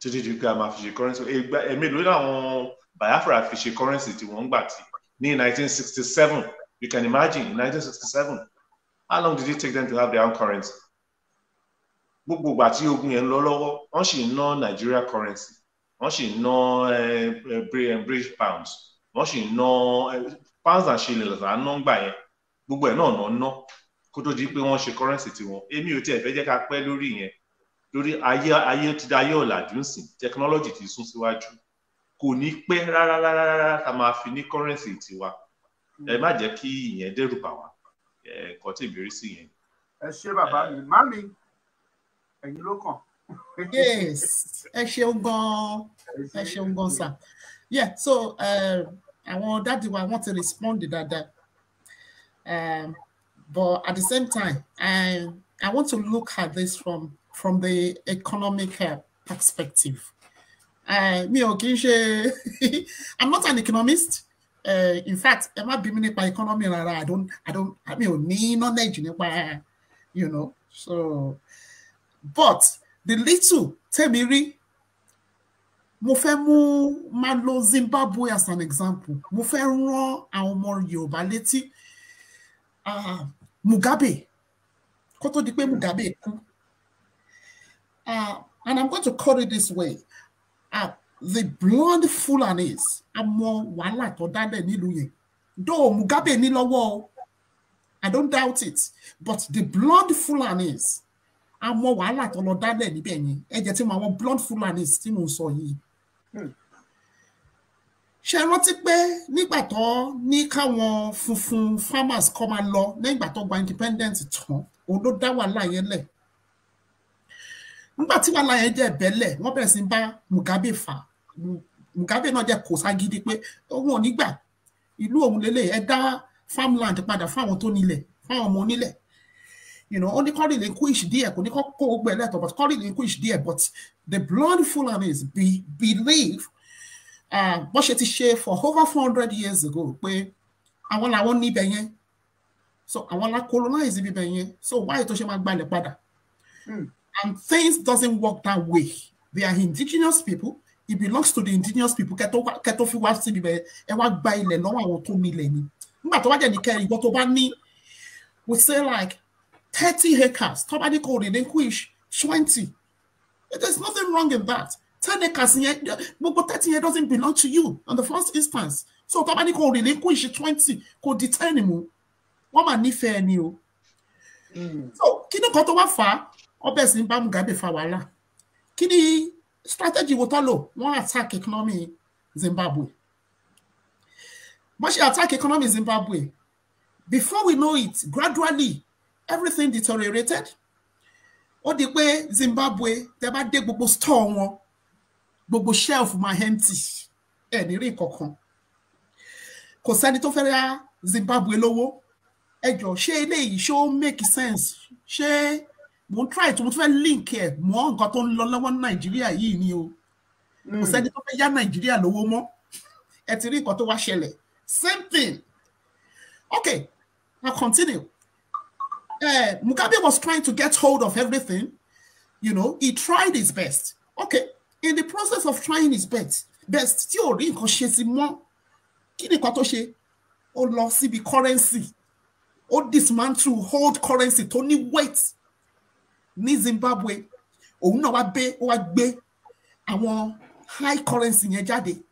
títí di pé a máa fi ṣe currency ẹgbẹ́ ẹ̀mẹ́lò làwọn Biafra fi ṣe currency tiwọn ń gbà tí ní 1967 you can imagine in 1967 how long did it take them to have their own currency? gbogbo ìgbà tí ogun yẹn ń lọ lọ́wọ́ wọ́n sì ń ná Nigeria currency wọ́n sì ná eh, eh, eh, british pounds wọ́n sì ná pounds and shillings là ń ná gbà yẹn gbogbo ẹ̀ náà ná ná kó tó di pé wọ́n ṣe currency tiwọn èmi ò tiẹ̀ fẹ́ jẹ́ ká pẹ́ lórí yẹn lórí ayé ayé ti da ayé ọ̀làjú ń sìn technology ti sún síwájú kò ní pẹ́ rárá rárá rárá tá máa fi ní currency tiwa ẹ má jẹ́ kí ìyẹn dẹ́rù bà wá ẹ̀ẹ́kan tí ìbéèrè sí yẹn. ẹ ṣé bàbá mi má mi ẹ̀yin ló kàn. yes I shall go. I shall go, sir yeah so um, àwọn dáàdi I want to respond to um, but at the same time I um, I want to look at this from from the economic uh, perspective. Um, mi kì ṣe *laughs* I'm not an economist. Uh, in fact, am I being a nípa economy I don't I don't I mean, ní knowledge you know so but the little tẹ́mi rí mo fẹ́ mú máa lo Zimbabwe as an example mo fẹ́ rán àwọn ọmọ Yorùbá létí uh, Mugabe kó tó di pé Mugabe kú uh, and I'm going to call it this way uh, the blonde Fulanis àmọ́ wàhálà tó dálẹ̀ nílùú yẹn though Mugabe ní lọ́wọ́ I don't doubt it but the blonde Fulanis a mọ wàhálà tó lọ dálẹ̀ níbẹ̀ yẹn ẹ jẹ́ tí mo àwọn blood Fulani tí mo sọ yìí. Hmm. ṣe rántí pé nígbà tó ní káwọn funfun farmers kọ́ máa lọ nígbà tó gba independent tán òun ló dá wàhálà yẹn lẹ̀ nígbà tí wàhálà yẹn jẹ́ bẹ́lẹ̀ wọ́n bẹ̀rẹ̀ sí bá Mugabe fà Mugabe náà jẹ́ kò ságídí pé òun ò ní gbà ìlú òun lélẹ̀ ẹ dá farmland padà fáwọn tó nílẹ̀ fáwọn ọmọ onílẹ̀ you know only ní kọ́ relinquish there, kò ní kọ́ kó gbẹ lẹ́tọ̀ but kọ́ relinquish díẹ̀ but the blonde Fulanis be, believe uh, bó ṣe ti ṣe for over four hundred years ago pé àwọn làwọn níbẹ̀ yẹn so àwọn la colonize ibibẹ̀ yẹn so why tó ṣe máa gbalẹ̀ padà hmm. and things doesn't work that way they are indigenous people it belongs to the indigenous people kẹtọ fi wá síbi bẹ ẹ wá gba ilẹ̀ lọ́wọ́ àwọn tó ní ilẹ̀ ni nígbà tó bá jẹ́ ní kẹrin ìgbọ́ tó bá ní we say like thirty acres tó bá ní kò relinquish twenty There's nothing wrong in that ten acres yẹn gbogbo thirty yẹn doesn't belong to you on the first instance so tó bá ní kò relinquish twenty could determine. What wọ́n máa nífẹ̀ẹ́ ni hmm. so kí ni kan tó wá fà á ọbẹ̀ sì ń strategy wo tó attack economy Zimbabwe wọ́n ṣe attack economy Zimbabwe before we know it gradually everything deteriorated ó di pé Zimbabwe tẹ bá dé gbogbo store wọn gbogbo shelf máa empty ẹ ní rí kankan kò sẹ́ni tó fẹ́ ra Zimbabwe lówó ẹ jọ ṣé eléyìí ṣó make sense ṣé mo ń try to mo fẹ́ link ẹ̀ mọ́ nǹkan tó ń lọ lọ́wọ́ Nàìjíríà yìí ni o kò hmm. sẹ́ni tó fẹ́ yá Nàìjíríà lówó mọ́ ẹ ti rí nǹkan tó wá ṣẹlẹ̀ same thing okay I continue uh, Mugabe was trying to get hold of everything. You know, he tried his best. Okay, in the process of trying his best, best tí ò rí nǹkan ṣe sí mọ́ kí ni nǹkan tó hold currency Tony ní ni Zimbabwe òun náà wá gbé ó wá high currency yẹn jáde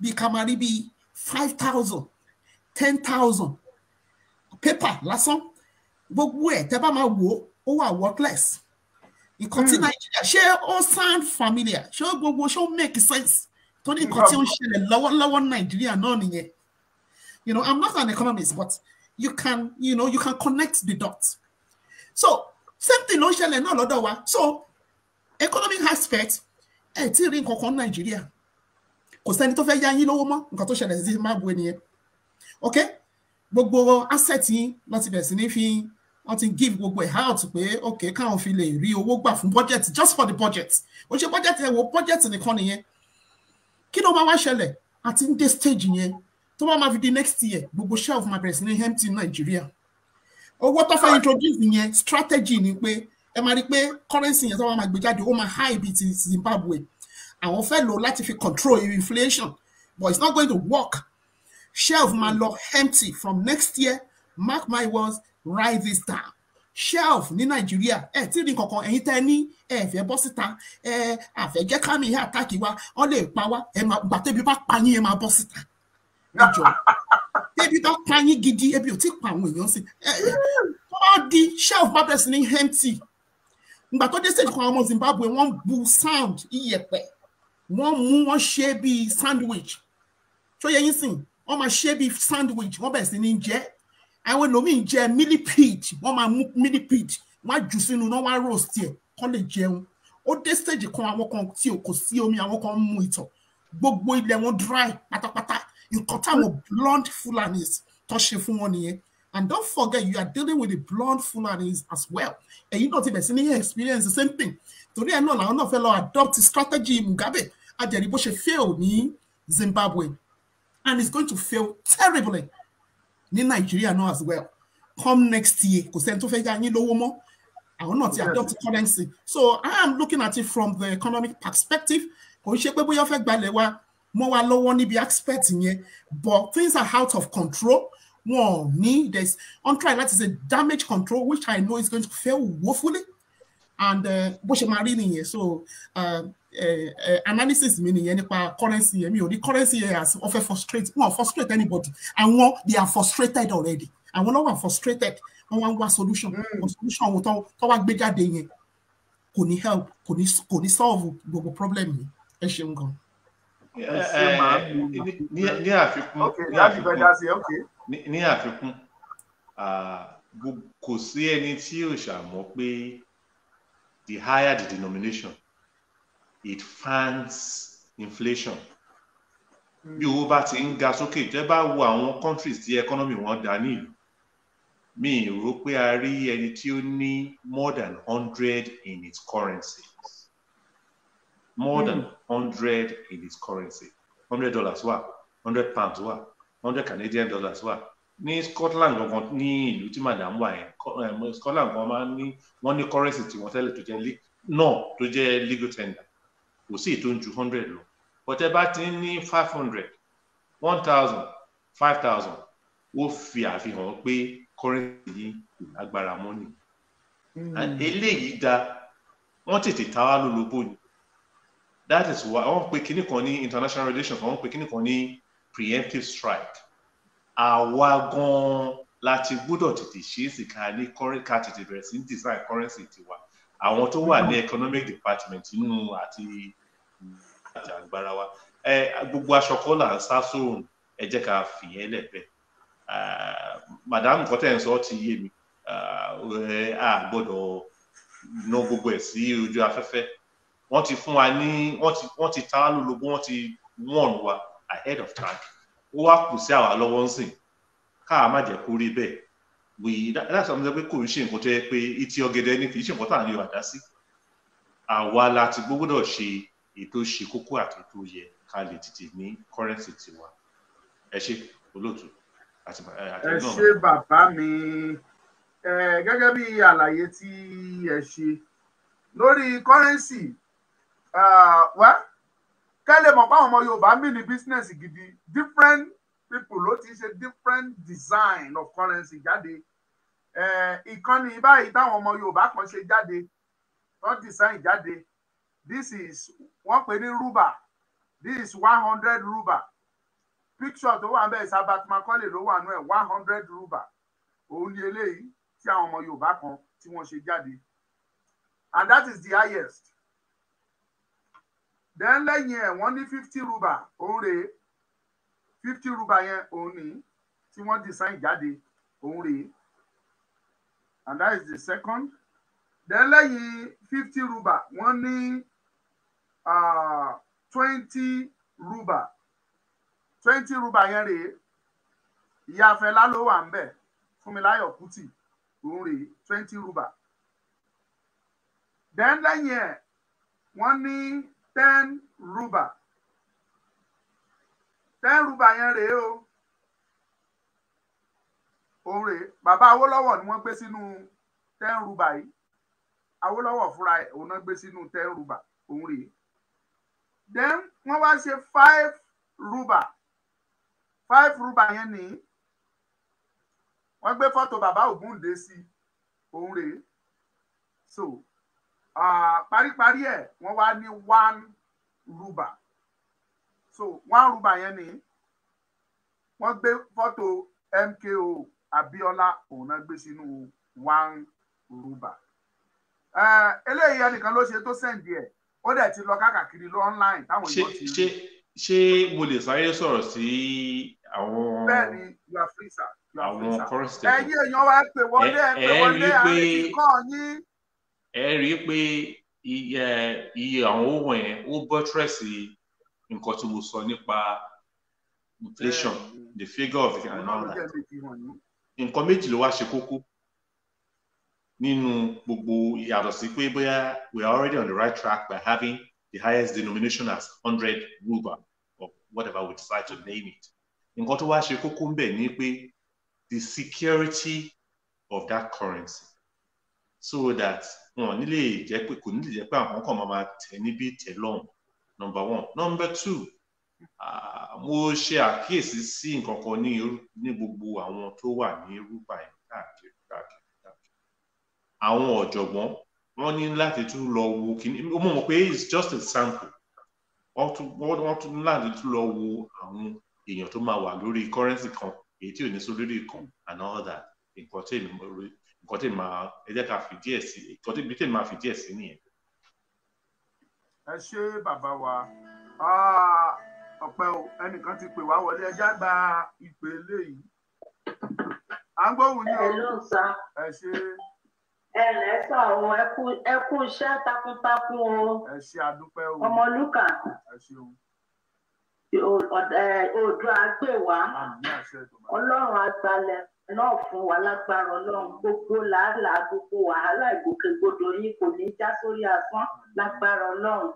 bí ká máa rí bí five thousand ten thousand paper lásán gbogbo ẹ̀ tẹ́ bá máa wò ó wà workless nǹkan tí hmm. nàìjíríà ṣé ó sound familiar ṣé ó gbogbo ṣé ó make sense tó ní nǹkan tí ó ń ṣẹlẹ̀ lọ́wọ́lọ́wọ́ nàìjíríà náà nìyẹn you know i'm not an economist but you can you know you can connect the dots so same thing ló ń ṣẹlẹ̀ náà lọ́dọ̀ wa so economic aspect ẹ̀ tí ì rí nǹkan kan nàìjíríà kò sẹ́ni tó fẹ́ yá yín lówó mọ́ nǹkan tó ṣẹlẹ̀ sí máa bu ẹnìyẹn ok gbogbo asset yín lọ́ti bẹ̀rẹ̀ sí ní fi wọ́n ti give gbogbo ẹ̀ out pé ok káwọn fi lè rí owó gbà fún budget just for the budget ó ṣe budget ẹ̀ wo budget nìkan nìyẹn kí ló máa wá ṣẹlẹ̀ àti ń dé stage yẹn tó bá máa fi di next year gbogbo shelf máa bẹ̀rẹ̀ sí ní empty Nàìjíríà owó tó fẹ́ introduce yẹn strategy ni pé ẹ máa rí i pé currency yẹn tó bá máa gbé jáde ó máa high bíi ti Zimbabwe àwọn fẹ́ lò láti fi control inflation but it's not going to work shelf máa lọ empty from next year mark my words rising star shelf ní nàìjíríà ẹ tí ní kankan ẹ̀yin tẹ́ ní ẹ fẹ́ bọ́ síta ẹ àfẹjẹ kámi ìhà àtàkì wa ọ lè pa wá ẹ máa gbà tẹbi bá pa yín ẹ máa bọ́ síta ẹ jọ tẹbi bá pa yín gidi ebi ò tí pa àwọn èèyàn sí ọ di shelf bá bẹ̀rẹ̀ sí ní empty ìgbà tó dé stage kan ọmọ Zimbabwe wọ́n bu sound iyẹ̀pẹ̀ wọ́n mú wọ́n ṣe bíi sandwich tó yẹ yín sìn wọ́n máa ṣe bíi sandwich wọ́n bẹ̀rẹ̀ sí ní jẹ àwọn ẹlòmíín jẹ millipede wọ́n máa mú millipede wọ́n á jù sínú náà wọ́n á roast ẹ̀ kọ́ lè jẹun ó dé stage kan àwọn kan tí o kò sí omi àwọn kan ń mu ìtọ̀ gbogbo ilẹ̀ wọn dry pátápátá nǹkan táwọn blond fulanis tó ṣe fún wọn nìyẹn and don't forget you are dealing with a blond fulanis as well èyí náà ti bẹ̀ sí ní experience the same thing torí ẹ̀ náà làwọn náà fẹ́ lọ adopt strategy Mugabe ajẹ̀rí bó ṣe fail ní Zimbabwe and it's going to fail terribly ní nàìjíríà náà as well come next year kò sẹ́ni tó fẹ́ yá yín lówó mọ́ àwọn náà ti adopt currency so i am looking at it from the economic perspective kò ń ṣe pé bóyá fẹ́ gbalẹ̀ wa mọ́ wa lọ́wọ́ níbi aspect yẹn but things are out of control wọn ò ní there's on try is a damage control which i know is going to fail woefully and uh, bó ṣe máa rí nìyẹn so. Uh, analysis mi nìyẹn nípa currency yẹn mi ò rí currency yẹn as ọfẹ frustrate wọn ò frustrate anybody àwọn they are frustrated already àwọn lọ́wọ́ frustrated wọ́n wá ń wá solution mm. solution wo tó wá gbé jáde yẹn kò ní help kò ní kò ní solve gbogbo problem yìí ẹ ṣeun gan. ní àfikún ní àfikún ní àfikún kò sí ẹni tí yóò ṣàmọ́ pé the higher the denomination it fans inflation bí owó bá ti ń ga sókè tẹ́ bá wo àwọn countries tí economy wọn dá nílùú mi rò pé a rí ẹni tí ó ní more than hundred in its currency more mm. than hmm. hundred in its currency hundred dollars wà hundred pounds wà hundred Canadian dollars wà ní Scotland gangan ní ìlú tí madam wà yẹn eh, Scotland gan máa ń ní wọ́n ní currency tí wọ́n tẹ́lẹ̀ tó jẹ́ náà tó jẹ́ legal tender kò sí ìtò ju hundred lọ bọ́tẹ́ bá ti ní five hundred one thousand five thousand ó fi àfihàn pé currency yìí kò lágbára mọ́ ni hmm. eléyìí da wọ́n tètè ta wá lólobó ni that is why wọ́n pe kinní kan ní international relations wọ́n pe kinní kan ní preemptive strike àwa gan-an láti gbọ́dọ̀ tètè ṣe é sì ká ní ká tètè bẹ̀rẹ̀ sí ní design currency tiwa àwọn tó wà ní economic department nínú àti àti wa ẹ gbogbo aṣọ kọ́ là ń sá sóòrùn ẹ jẹ́ ká fìyẹn lẹ́bẹ̀ madam kọ́tẹ́ ń sọ ti yé mi a gbọ́dọ̀ ná gbogbo ẹ̀ sí ojú afẹ́fẹ́ wọ́n ti fún wa ní wọ́n ti ta lólobó wọ́n ti warn wa ahead of time ó wá kù sí àwa lọ́wọ́ ń sìn káà má jẹ́ kó rí bẹ́ẹ̀ we that's why mo pé kò ń ṣe nǹkan tó yẹ pé ìtì ọ̀gẹ̀dẹ̀ ni kì í ṣe nǹkan tá à ń yọ àdá sí àwa la ti gbọ́dọ̀ ṣe èyí tó ṣe kókó àti tó yẹ ká lè tètè ní kọ́rẹ́ǹsì tiwa ẹ ṣe olóòtú àti àti ẹ ṣe bàbá mi gẹ́gẹ́ bí àlàyé tí ẹ ṣe lórí kọ́rẹ́ǹsì wá kẹ́lẹ̀ mọ̀ pé ọmọ Yorùbá mí ní bísínẹ́sì gidi different people ló ti ṣe different design of currency jáde ìkànnì báyìí táwọn ọmọ Yorùbá kan ṣe jáde wọ́n design jáde this is wọ́n pè ní rúbà this is one hundred rúbà picture tó wà ń bẹ̀ Herbert Macaulay ló wà nú ẹ̀ one hundred rúbà òun ni eléyìí tí àwọn ọmọ Yorùbá kan tí wọ́n ṣe jáde and that is the highest then lẹ́yìn ẹ̀ wọ́n ní fifty rúbà òun rèé fifty rúbà yẹn òun ni tí wọ́n design jáde òun rèé and that is the second then lẹ́yìn fifty rúbà wọ́n ní. Ah, twenty rúbà twenty rúbà yẹn rèé ìyá afẹlá ló wà ń bẹ kùtì òun rèé twenty rúbà then lẹ́yìn ẹ̀ wọ́n ní ten rúbà ten rúbà yẹn rèé o òun rèé bàbá Awólọ́wọ̀ ni wọ́n gbé sínú ten rúbà yìí Awólọ́wọ̀ fúnra ẹ̀ òun náà gbé sínú ten rúbà òun rèé then wọ́n wá ṣe five rúbà five rúbà yẹn ni wọ́n gbé fọ́tò bàbá Ògúndé sí òun rèé so paríparí ẹ̀ wọ́n wá ní one rúbà so one rúbà yẹn ni wọ́n gbé fọ́tò MKO Abiola òun náà gbé sínú one rúbà eléyìí ẹnìkan ló ṣe tó sẹ́ǹdì ẹ̀ ó dẹ̀ ti lọ káàkiri lọ online táwọn èèyàn ti rí. ṣé ṣé mo lè sáré sọ̀rọ̀ sí àwọn. bẹ́ẹ̀ni you are free sir you are free sir ẹ̀yin èèyàn wa pè wọlé ẹ pè wọlé àwọn ìkọ́ yín. ẹ rí i pé iye iye àwọn ohun ẹ̀ ó bọ́tírẹ̀sì nǹkan tí mo sọ nípa inflation the figure of the amount nǹkan méjì ló wá ṣe kókó. nínú gbogbo yàtọ̀ sí pé bóyá we are already on the right track by having the highest denomination as hundred ruba or whatever we decide to name it nǹkan tó wá ṣe kókó ń bẹ̀ ni pé the security of that currency so that wọn nílé jẹ́ pé kò nílé jẹ́ pé àwọn kan máa tẹ̀ níbi tẹ̀ lọ́hùn number one number two ah, mo ṣe àkíyèsí sí nǹkan kan ní gbogbo àwọn tó wà ní rúbà yìí káàkiri àwọn ọ̀jọ̀gbọ́n wọ́n ní láti tún lọ wo kíní ó mọ̀ mọ̀ pé it's just a sample wọ́n tún láti tún lọ wo àwọn èèyàn tó máa wà lórí currency kan èyí tí ò ní sí lórí ìkan and all that nǹkan tí nǹkan tí màá ẹ jẹ́ ká fi díẹ̀ sí nǹkan tí ibi tí màá fi díẹ̀ sí nìyẹn. ẹ ṣé bàbá wa ọpẹ́ o ẹnìkan ti pè wá wọlé ẹjá gba ìpè eléyìí à ń gbóhùn ní o ẹ ṣé ẹ ǹlẹ́ sọ àwọn ẹ kú iṣẹ́ takuntakun o ẹ ṣé adúpẹ́ o ọmọlúkà oòdùà gbè wá ọlọ́run agbalẹ̀ náà fún wa lágbára ọlọ́run gbogbo làálàá gbogbo wàhálà ìgbòkègbodò yín kò ní já sórí asán lágbára ọlọ́run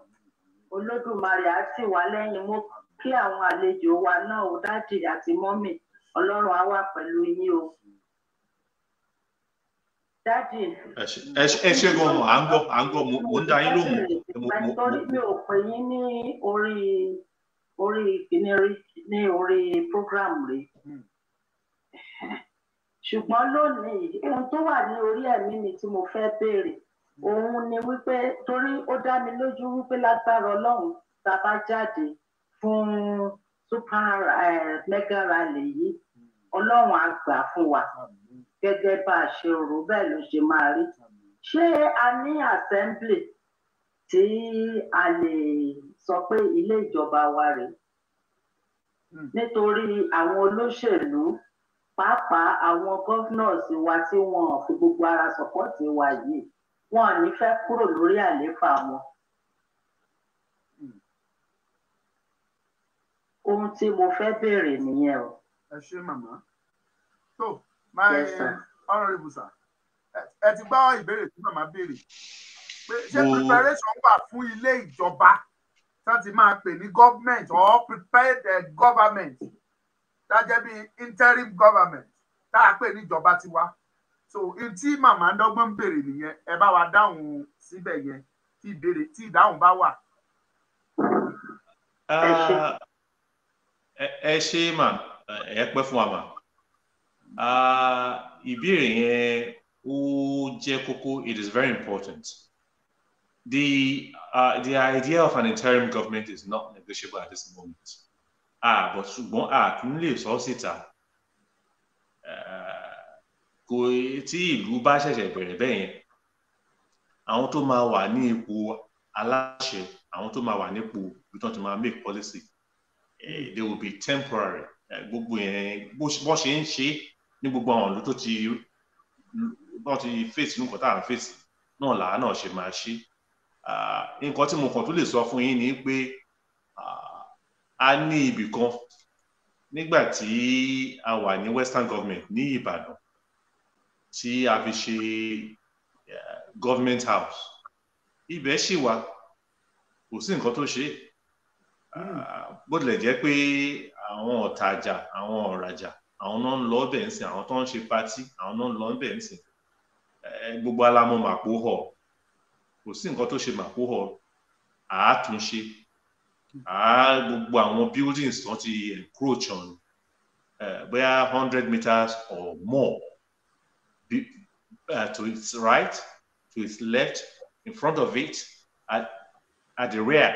olódùmarè á tì wá lẹ́yìn mú kí àwọn àlejò wa náà ó dádì àti mọ́mì ọlọ́run á wà pẹ̀lú yín o dáàdì ẹ ṣe gan à ń gbọ́ à ń mo ń dá yín lóhùn. nítorí mi ò pè yín ní orí orí ìpínlẹ̀ ní orí program rẹ̀ ṣùgbọ́n lónìí ohun tó wà ní orí ẹ̀mí mi tí mo fẹ́ béèrè òun ni wípé torí ó dá mi lójú wípé lágbára Ọlọ́run tá a bá jáde fún super eh, mega rally yìí Ọlọ́run á gbà fún wa gẹ́gẹ́ bá a ṣe rò bẹ́ẹ̀ ló ṣe máa rí ṣé a ní assembly tí a lè sọ pé ilé ìjọba wa rèé hmm. nítorí àwọn olóṣèlú pàápàá àwọn governors wa tí wọn fi gbogbo ara sọpọ́tì wa yìí wọn ní fẹ́ kúrò lórí àlééfà wọn. Hmm. ohun tí mo fẹ́ béèrè nìyẹn o. ẹ ṣé màmá tó. So my honourable sir ẹ ti gbọ́ ìbéèrè tí màmá béèrè pé ṣé preparation wà fún ilé ìjọba tí wọ́n ti máa pè ní government or prepare the eh, government dájẹ́ bíi interim government tá a pè ní ìjọba tiwa so n tí màmá dọ́gbọ́n béèrè nìyẹn ẹ bá wa dáhùn síbẹ̀ yẹn tí ìbéèrè tí ìdáhùn bá wà. Ah, ẹ ṣe mà ẹ pẹ́ fún wa mà ìbéèrè yẹn ó jẹ́ kókó it is very important the uh, the idea of an interim government is not negotiable at this moment ah but ṣùgbọ́n a kì í lè sọ síta kò tí ìlú bá ṣẹ̀ṣẹ̀ bẹ̀rẹ̀ bẹ́ẹ̀ yẹn àwọn tó máa wà ní ipò aláṣẹ àwọn tó máa wà nípò ibi tó máa make policy eh, they will be temporary eh, gbogbo yẹn bó ṣe ń ṣe ní gbogbo àwọn ìlú tó ti wọ́n ti fèsì nǹkan tá à ń fèsì náà làá náà ṣe máa ṣe nǹkan tí mo kàn tó lè sọ fún yín ni pé a ní ibì kan nígbà tí a wà ní western government ní Ìbàdàn tí a fi ṣe government house ibẹ̀ ṣì wà kò sí nǹkan tó ṣe hmm. bó tilẹ̀ jẹ́ pé àwọn ọ̀tajà àwọn ọ̀rajà àwọn náà ń lọ ọbẹ̀ ń sìn àwọn tó ń ṣe patí àwọn náà ń lọ ọbẹ̀ ń sìn gbogbo alamọ màpò họ kò sí nǹkan tó ṣe màpò họ àátúnṣe gbogbo àwọn buildings tó ti encroach on bóyá hundred meters or more to its right to its left in front of it at, at the rear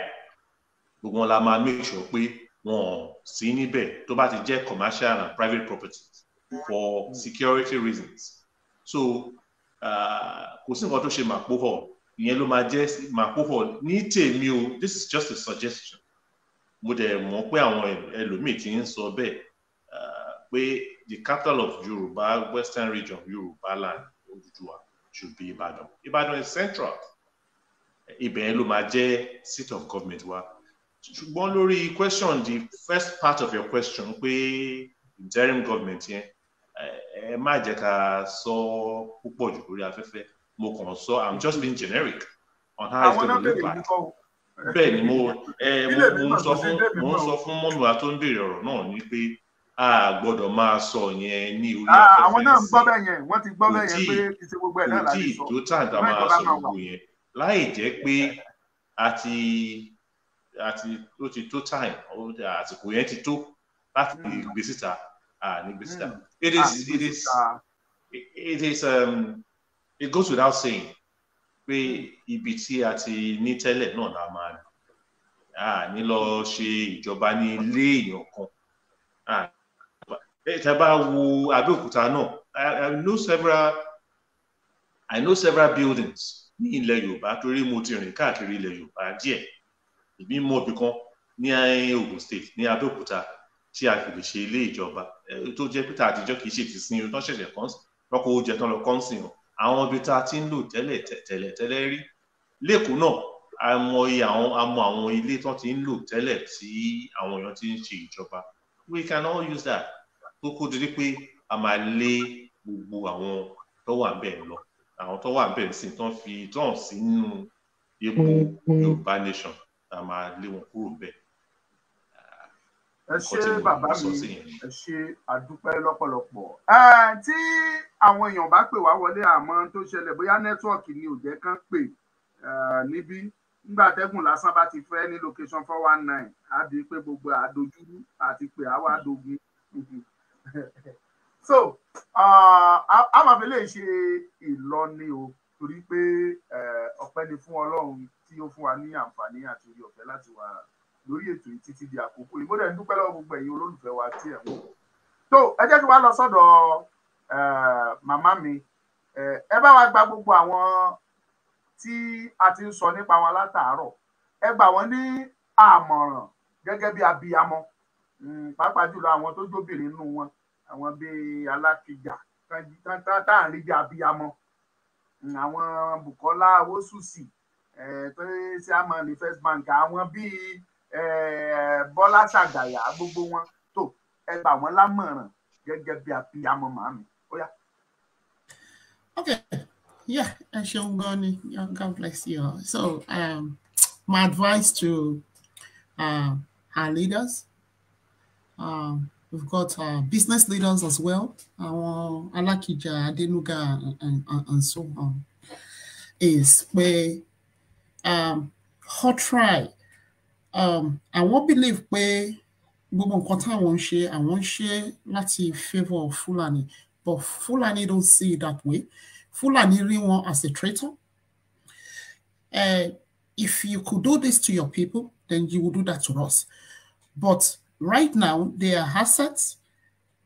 gbogbo wọn la máa make sure pé wọn ò sí níbẹ̀ tó bá ti jẹ́ commercial and private properties for security reasons so uh, kò sí nǹkan tó ṣe Mapo hall ìyẹn ló máa jẹ́ Mapo hall ní tèmi o this is just a suggestion mo dẹ̀ mọ̀ pé àwọn ẹlòmíì ti ń sọ bẹ́ẹ̀ uh, pé the capital of Yorùbá western region Yorùbá land Odùduwà should be Ìbàdàn Ìbàdàn is central ibẹ̀ ló máa jẹ́ seat of government wa. Wow. ṣùgbọ́n lórí question the first part of your question pé interim government yẹn ẹ má jẹ́ ká sọ púpọ̀ jù lórí afẹ́fẹ́ mo kàn sọ i'm just being generic on how it's gonna look like bẹ́ẹ̀ ni mo mo sọ fún mo ń sọ fún mọ́mi wa tó ń béèrè ọ̀rọ̀ náà ni pé a gbọ́dọ̀ máa sọ yẹn ní orí ah, afẹ́fẹ́ àwọn náà ń gbọ́ bẹ́ẹ̀ yẹn wọ́n ti gbọ́ bẹ́ẹ̀ yẹn pé ìṣe gbogbo ẹ̀ náà láti sọ kò tí ì tó tàǹtà máa sọ gbogbo yẹn láì jẹ́ pé a ti. àti ó ti tó time àsìkò yẹn ti tó láti mm. gbé síta ní gbé síta mm. it is it is it is um, it goes without saying pé ibi tí a ti ní tẹ́lẹ̀ náà la máa lò a ní lọ ṣe ìjọba ní ilé èèyàn kan tẹ́ bá wo Abẹ́òkúta náà I know several I know several buildings ní ilẹ̀ Yorùbá torí mo ti rìn káàkiri ilẹ̀ Yorùbá díẹ̀. ìbí mọ ibì kan ní Ogun State ní Abẹ́òkúta tí a fi lè ṣe ilé ìjọba tó jẹ́ pété àtijọ́ kì í ṣe ti sin ohun ṣẹ̀ṣẹ̀ kàn lọ́kọ oúnjẹ tán lọ kàn sí wọn àwọn ibi tá a ti ń lò tẹ́lẹ̀ tẹ́lẹ̀ tẹ́lẹ̀ rí lẹ́kọ̀ọ́ náà a mọ àwọn a mọ àwọn ilé tó ti ń lò tẹ́lẹ̀ tí àwọn èèyàn ti ń ṣe ìjọba we can all use that tó kó dirí pé a máa lé gbogbo àwọn tó wà bẹ́ẹ̀ lọ àwọn tó wà bẹ́ẹ̀ sí tó fi tó hàn sínú ipò Yorùbá nation a máa lé wọn kúrò bẹ́ẹ̀. ẹ ṣe bàbá mi ẹ ṣe àdúpẹ́ lọ́pọ̀lọpọ̀ tí àwọn èèyàn bá pè wá wọlé àmọ́ tó ṣẹlẹ̀ bóyá nẹ́tíwọ̀kì ni ò jẹ́ pè níbí nígbà tẹ́gùn lásán bá ti fẹ́ ní location four one nine á di pé gbogbo àdojúrú àti pé àwa àdogun *laughs* so a máa fi lè ṣe ìlọni o torí pé ọpẹ́ ni fún Ọlọ́run tí ó fún wa ní àǹfààní àti orí ọ̀fẹ́ láti wà lórí ètò yìí títí di àkókò yìí mo dẹ̀ ń dúpẹ́ lọ́wọ́ gbogbo ẹ̀yin olólùfẹ́ wa tí ẹ̀ ń wò. tó ẹ jẹ́ kí wàá lọ sọ́dọ̀ màmá mi ẹ bá wa gba gbogbo àwọn tí a ti ń sọ nípa wọn látàárọ̀ ẹ gbà wọ́n ní àmọ̀ràn gẹ́gẹ́ bí abiyamọ hmm, pàápàá jùlọ àwọn tó jóbìnrin nínú wọn àwọn bíi alákìjà tá à ń rí bí abiyamọ hmm, àwọn Bukola Awosusi Eh, tó ní chairman ní first bank àwọn bíi eh, bọ́lá ṣàgbàyà gbogbo wọn tó ẹ gbà lámọ̀ràn gẹ́gẹ́ bí abiyamọ màmí ok yeah ẹ ṣeun gan ni god bless you all so um, my advice to uh, our leaders. Um, We've got uh, business leaders as well, àwọn Alákìjà, Adenuga, and, so on. Is pé um, hot try um, not believe pé gbogbo nǹkan táwọn share and àwọn share. ṣe láti favour of Fulani but Fulani don't see it that way Fulani really want as a traitor uh, if you could do this to your people then you would do that to us but right now they are assets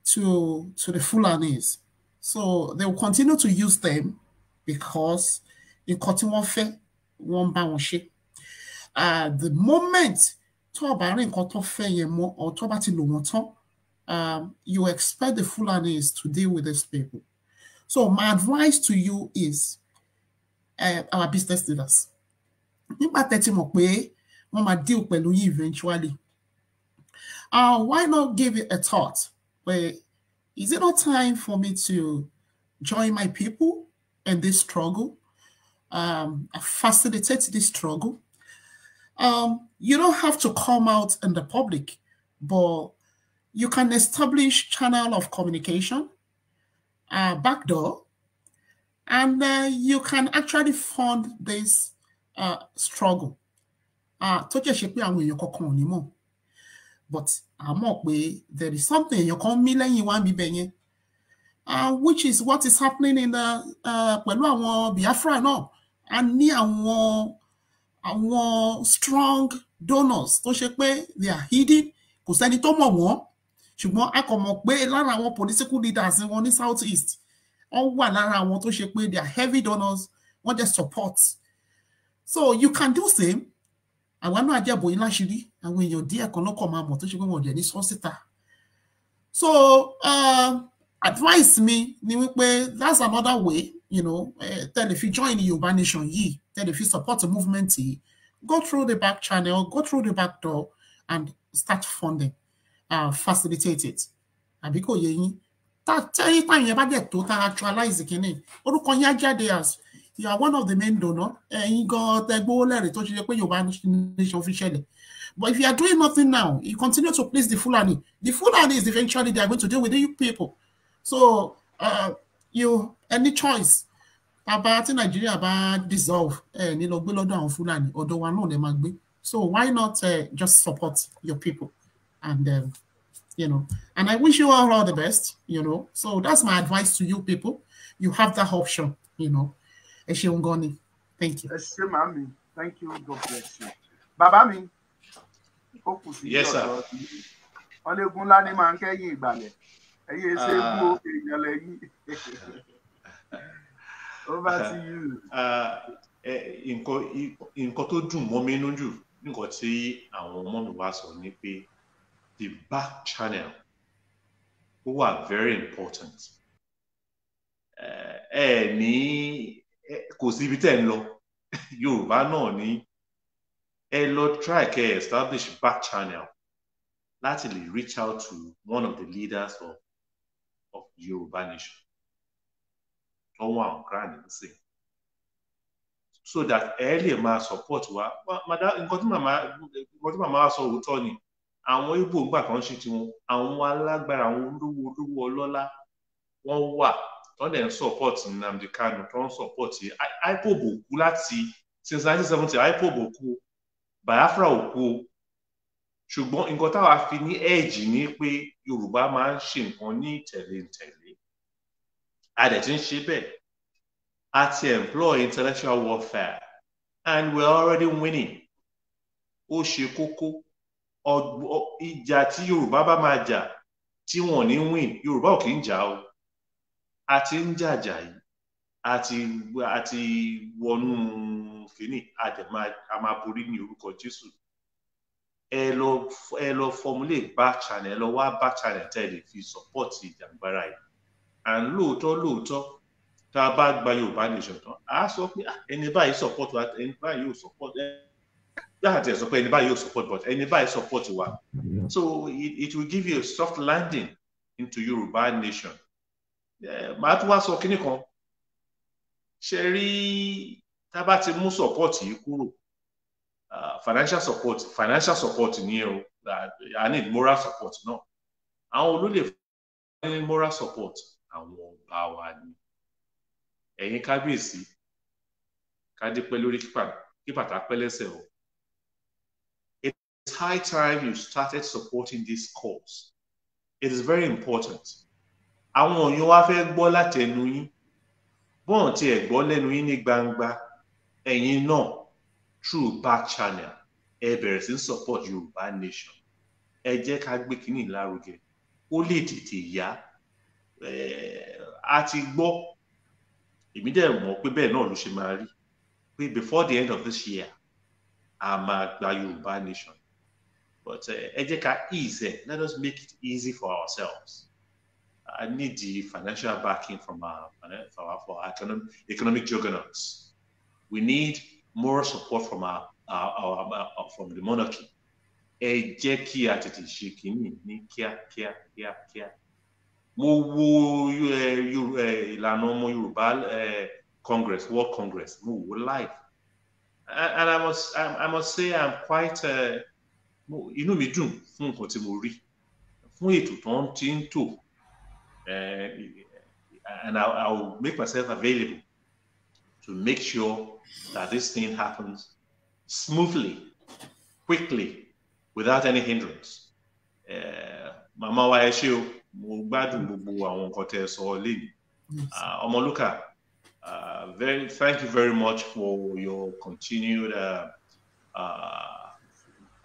to to the Fulanis so they will continue to use them because in cutting wọ́n fẹ́ wọ́n bá wọn ṣe the moment tó bá rí nǹkan tó fẹ́ yẹn mọ́ or tó bá ti lò wọ́n tán you expect the Fulanis to deal with these people so my advice to you is uh, our business leaders nígbà tẹ́tí mọ̀ pé wọ́n máa deal pẹ̀lú yín eventually uh, why not give it a thought pé is it not time for me to join my people in this struggle? um, facilitate this struggle. Um, you don't have to come out in the public, but you can establish channel of communication, uh, backdoor, and uh, you can actually fund this uh, struggle. tó jẹ́ ṣe pé àwọn èèyàn kankan ní mọ̀ but àmọ́ pé there is something èèyàn kan mí lẹ́yìn wá bíbẹ̀ yẹn uh, which is what is happening in the uh, pẹ̀lú àwọn Biafra náà a ní àwọn àwọn strong donors tó ṣe pé they are hidden kò sẹ́ni tó mọ̀ wọ́n ṣùgbọ́n a kò mọ̀ pé lára àwọn political leaders wọn ní south east wọ́n wà lára àwọn tó ṣe pé they are heavy donors wọ́n jẹ́ support so you can do same àwa náà jẹ́bọ̀ yín láṣìírí àwọn èèyàn díẹ̀ kan lọ́kọ̀ máa mọ̀ tó ṣe pé wọ́n jẹ́ ní sọ́síta so uh, advice mi ni wípé that's another way you know, uh, then if you join the Yoruba Nation, ye, then if you support a movement, ye, go through the back channel, go through the back door, and start funding, uh, facilitate it. Because yé yín, ta tẹ́yìn táyìn yẹn bá dẹ̀ actualize kínní, orúkọ yín á jáde you are one of the main donor, you got the lẹ́rìí tó ṣe pé Yorùbá Nation officially. But if you are doing nothing now, you continue to please the Fulani. The Fulani is eventually they are going to deal with you people. So uh, you Any choice bàbá tí nàìjíríà bá dissolve Eh, ni lo gbé lọ́dọ̀ àwọn fúlàní ọ̀dọ̀ wa náà lè máa gbé so why not uh, just support your people and um, you know and i wish you all all the best you know so that's my advice to you people you have that option you know ẹ ungoni. thank you. ẹ mami. thank you god bless you Baba mi ó kù sí ọ̀dọ̀ ọlẹ́gúnlá ni máa ń kẹ́yìn ìgbàlẹ̀ ẹ̀yìn ẹ̀ṣẹ̀ ikú ah. èèyàn lẹ́yìn. *laughs* over to uh-huh. you. Uh, eh, nǹkan tó dùn mọ́ mi nínú jù nǹkan tí àwọn ọmọ mi wá sọ ni pé the back channel ó wà very important eh, ẹ ní kò sí ibi tẹ́ ń lọ *laughs* yorùbá náà ní ẹ lọ try kẹ́ establish back channel láti lè reach out to one of the leaders of of Yorùbá nation tó wọn àǹkárá nísìnyí so that ẹ lè máa support wa nǹkan tí màmá nǹkan tí màmá wa sọ òótọ́ ni àwọn Ìgbò gbà kan ṣe tiwọn àwọn alágbára àwọn olówó olówó ọlọ́lá wọ́n wà tó dẹ̀ ń support Nnamdi Kanu tó ń support IPOB òkú láti since 1970 IPOB òkú Biafra òkú ṣùgbọ́n nǹkan táwa fi ní ẹ̀jì ni pé Yorùbá máa ń ṣe nǹkan ní tẹ̀léǹtẹ̀lé a dẹ̀ ti ń ṣe bẹ́ẹ̀ a ti employ intellectual warfare and we are already winning ó ṣe kókó ìjà tí Yorùbá bá máa jà tí wọn ní win Yorùbá ò kì í jà o a ti ń jàjà yìí a ti a ti wọnú kínní a dẹ̀ máa máa borí ní orúkọ Jésù ẹ lọ ẹ lọ formulate back channel ẹ lọ wá back channel tẹ́ fi support ìjàngbara yìí and lóòótọ́ lóòótọ́ tá a bá gba yorùbá nation tán a sọ pé ah, ẹni báyìí support wa ẹni báyìí yóò support ẹ láti ẹ sọ pé ẹni báyìí yóò support but ẹni báyìí support wa so it, it will give you a soft landing into yorùbá nation eh, màá tún wá sọ kínní kan ṣe rí tá a bá ti mú support yìí kúrò ah, financial support financial support ni o i ah, need moral support náà àwọn olólè fún mi moral support àwọn ọba wa ni ẹ̀yin kábíyèsí kádípẹ́ lórí kípàtà pẹ́lẹ́sẹ̀ o it's high time you started supporting this cause it is very important àwọn òyìn wa fẹ́ gbọ́ látẹnu yín bọ́ọ̀n tí ẹ̀ gbọ́ lẹ́nu yín ní gbangba ẹ̀yin náà through back channel ẹ bẹ̀rẹ̀ sí support Yorùbá nation ẹ jẹ́ ká gbé kínní lárugẹ ó lè tètè yá Eh, a ti gbọ́ èmi dẹ̀ mọ̀ pé bẹ́ẹ̀ náà ló ṣe máa rí pé before the end of this year a máa gba Yorùbá nation but eh, ẹ jẹ́ ká ease ẹ̀ let us make it easy for ourselves I need the financial backing from our from our, for our economic, economic juggernauts we need more support from our, our, our, our from the monarchy ẹ jẹ́ kí a tètè ṣe kìíní ní kíákíá kíákíá mo wo eh, eh, ìlànà ọmọ yorùbá eh, congress world congress mo wo live and i must i must say i'm quite inú mi dùn fún nǹkan tí mo rí fún ètò tó ń ti ń tò and I, will make myself available to make sure that this thing happens smoothly quickly without any hindrance. Uh, màmá wa ẹ ṣé o mo gbádùn gbogbo àwọn nǹkan tẹ́ ẹ sọ lẹ́yìn ah, Ọmọlúkà ah, very thank you very much for your continued uh, uh,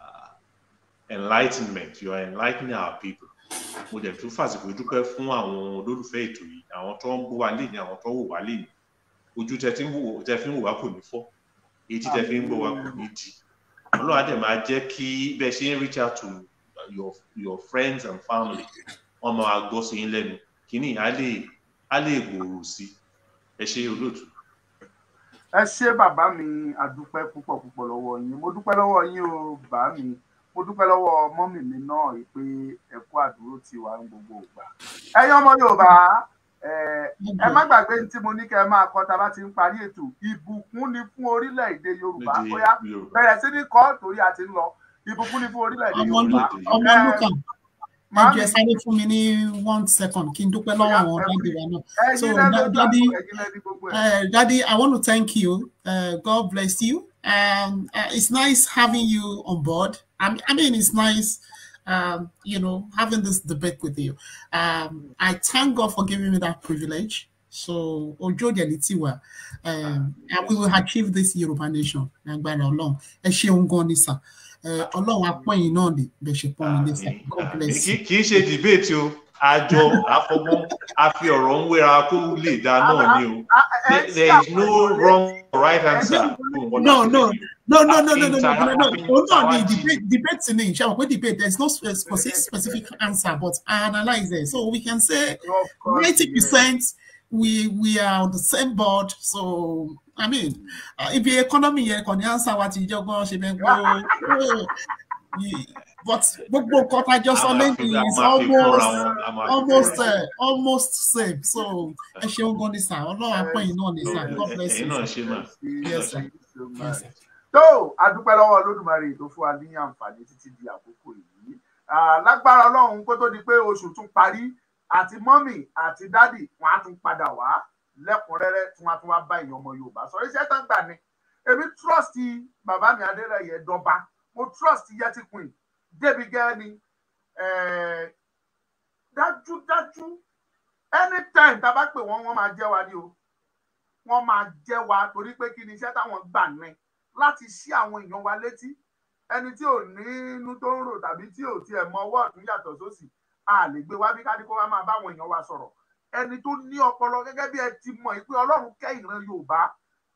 uh, enlightenment you are enlightening our people mo dẹ̀ tún fàsìkò dúpẹ́ fún àwọn olólùfẹ́ ètò yìí àwọn tó ń bó wa lẹ́yìn àwọn tó ń wò wá lẹ́yìn ojú tẹ fi ń wò wá kò ní fọ́ etí tẹ fi ń gbọ́ wá kò ní di ọlọ́run á dẹ̀ máa jẹ́ kí bẹ́ẹ̀ ṣe ń reach out to your your friends and family wọ́n máa gbọ́ sí yín lẹ́nu kínní á lè á gbòòrò sí ẹ ṣe olóòtú. ẹ ṣe bàbá mi àdúpẹ́ púpọ̀ púpọ̀ lọ́wọ́ yín mo dúpẹ́ lọ́wọ́ yín o bàá mi mo dúpẹ́ lọ́wọ́ mọ́mì mi náà pé ẹ kú àdúró ti wà ní gbogbo ìgbà ẹ̀yin ọmọ Yorùbá ẹ má gbàgbé tí mo ní kẹ́ ẹ máa kọ tá bá ti ń parí ètò ìbùkún ni fún orílẹ̀-èdè Yorùbá bóyá bẹ̀rẹ̀ sí ní kọ́ torí a ti ń lọ ìbùkún ni fún orílẹ̀-èdè Yorùbá. ọmọ ẹ jẹ sáré fún mi ní one second kí n dúpẹ́ lọ́wọ́ àwọn náà so daddy eh, daddy i want to thank you uh, god bless you um, uh, it's nice having you on board i mean, it's nice. Um, you know, having this debate with you. Um, I thank God for giving me that privilege. So, Ojo Delitiwa, um, and we will achieve this Yoruba nation. Ẹ ṣeun gan ni sà. ọlọ́run apọ́yìn náà ni bẹ́ẹ̀ ṣe pọ́n mi lẹ́sẹ̀ complex. kì í ṣe debate o àjọ àfọwọ́ àfi ọ̀rọ̀ ń wéra kó lè dá náà ni o there is no wrong or right answer. no no no no no no no no no òun náà ni debate debate ni ṣe àwọn pé debate there is no specific specific answer but I analyse it so we can say ninety percent we we are on the same board so I mean, uh, if the economy yẹn kàn ní ansa wa ti jọgbọ́n ṣe bẹ́ẹ̀ gbọ́ oh, oh, but gbogbo nǹkan just only is almost almost uh, almost same so ẹ ṣeun gan ni sir ọlọ́run I'm yìí on this sir God bless you Yes. sir yes sir yes sir. tó a dúpẹ́ lọ́wọ́ olódùmarè tó fún a ní àǹfààní títí di àkókò yìí lágbára ọlọ́run kó tó di pé oṣù tún parí àti mọ́mì àti dádì wọ́n á tún padà padawa lẹ́kùnrẹ́rẹ́ tí wọ́n á tún wá bá èèyàn ọmọ Yorùbá sọ iṣẹ́ tán gbà ni èmi trust bàbá mi Adélẹ́yẹ dọba mo trust Yẹtí Queen débi gẹ́ẹ́ ni eh, dájúdájú anytime tá a bá pè wọ́n wọ́n máa jẹ́ wa ni o wọ́n máa jẹ́ wa torí pé kí ni iṣẹ́ táwọn gbà ni láti ṣí àwọn èèyàn wa létí ẹni tí ò ní inú tó ń rò tàbí tí ò tiẹ̀ mọ ọwọ́ ọ̀tún yàtọ̀ sósì a lè gbé wá bí kádíkó wa máa bá àwọn èèyàn wa sọ̀rọ̀ ẹni tó ní ọpọlọ gẹ́gẹ́ bí ẹ ti mọ̀ pé ọlọ́run kẹ́ ìran yorùbá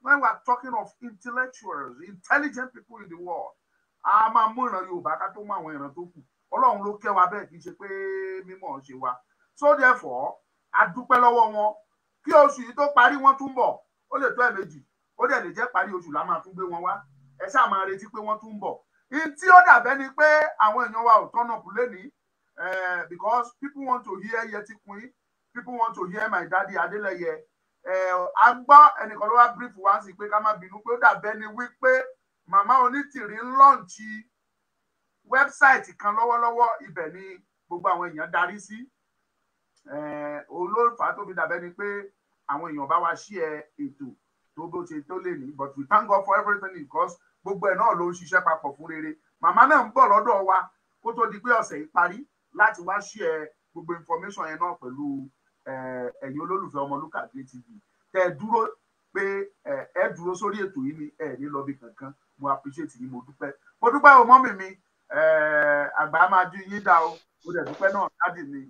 when we are talking of intellectuals intelligent people in the world a máa mú ìran yorùbá ká tó mú àwọn ìran tó kù ọlọ́run ló kẹ́ wa bẹ́ẹ̀ kì í ṣe pé mímọ̀ ṣe wa so therefore a dúpẹ́ lọ́wọ́ wọn kí oṣù yìí tó parí wọ́n tún bọ̀ ó lè tó ẹ̀ méjì ó dẹ̀ lè jẹ́ parí oṣù la máa tún gbé wọn wá ẹ ṣáà máa retí pé wọ́n tún bọ̀ tí ó dàbẹ́ ni pé àwọn èèyàn wa ò turn up lẹ́nìí eh, because people want to hear Yẹtikun people want to hear my daddy Adeleye eh, a gbọ́ ẹnìkan ló wá brief wá sí pé ká má bínú pé ó dàbẹ́ ni wípé màmá onítìrí ń lọ́ǹtì wẹ́bsáìtì kan lọ́wọ́lọ́wọ́ ibẹ̀ ni gbogbo àwọn èèyàn darí sí olóòfà eh, tó fi dàbẹ́ ni pé àwọn èèyàn bá wa ṣí ẹ ètò tó bó ṣe tó lè ní but we thank God for everything because gbogbo ẹ̀ náà ló ń ṣiṣẹ́ papọ̀ fún rere màmá náà ń bọ̀ lọ́dọ̀ wa kó tó di pé ọ̀sẹ̀ yìí parí láti wá ṣí ẹ gbogbo information yẹn náà pẹ̀lú ẹ̀yin olólùfẹ́ ọmọlúkà tv tẹ́ ẹ dúró pé ẹ dúró sórí ètò yìí ni ẹ ní lọ́bì kankan mo appreciate yín mo dúpẹ́ mo dúpẹ́ o mọ́mì mi àgbà máa ju yín dá o mo dẹ̀ dúpẹ́ náà dádì mi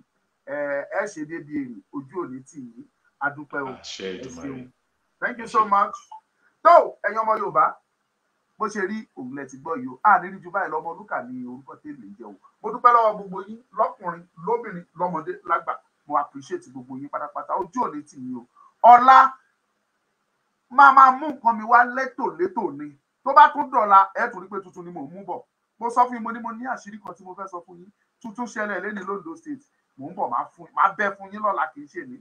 ẹ ṣe débi èrè ojú òní tì yín adúpẹ́ o ẹ ṣeun thank you so much tó ẹ̀yin ọmọ yorùbá bó ṣe rí òun lẹ ti gbọ́ yìí o àárín ju báyìí lọ́mọlúkà ni orúkọ tèmi jẹ́ o mo dúpẹ́ lọ́wọ́ gbogbo yín lọ́kùnrin lóbìnrin lọ́mọdé lágbà mo appreciate gbogbo yín pátápátá ojú òní tì mí o ọ̀la máa máa mú nǹkan mi wá létòlétò ni tó bá tún dọ̀la ẹ tún rí pé tuntun ni mò ń mú bọ̀ mo sọ fún yín mo ní mo ní àṣírí kan tí mo fẹ́ sọ fún yín tuntun ṣẹlẹ̀ lẹ́ni londo state mò ń bọ̀ máa bẹ́ fún yín lọ́la kì í ṣe ni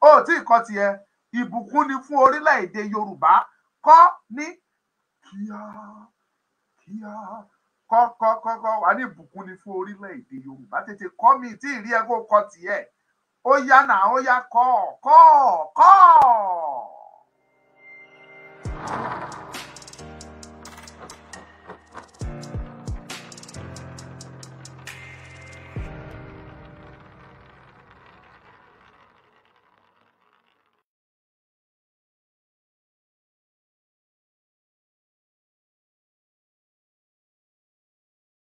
ó tí ì kọ́ tiẹ̀ ìbùkún ni fún orílẹ̀-èdè yorùbá kọ́ ní kíá kíá kọ́ kọ́ kọ́ kọ́ wà ní ìbùkún ni fún orílẹ̀-èdè yorùbá tètè kọ́ mi tí ì rí ẹ kó kọ́ tiẹ̀ ó yá náà ó yá kọ́ kọ́ kọ́.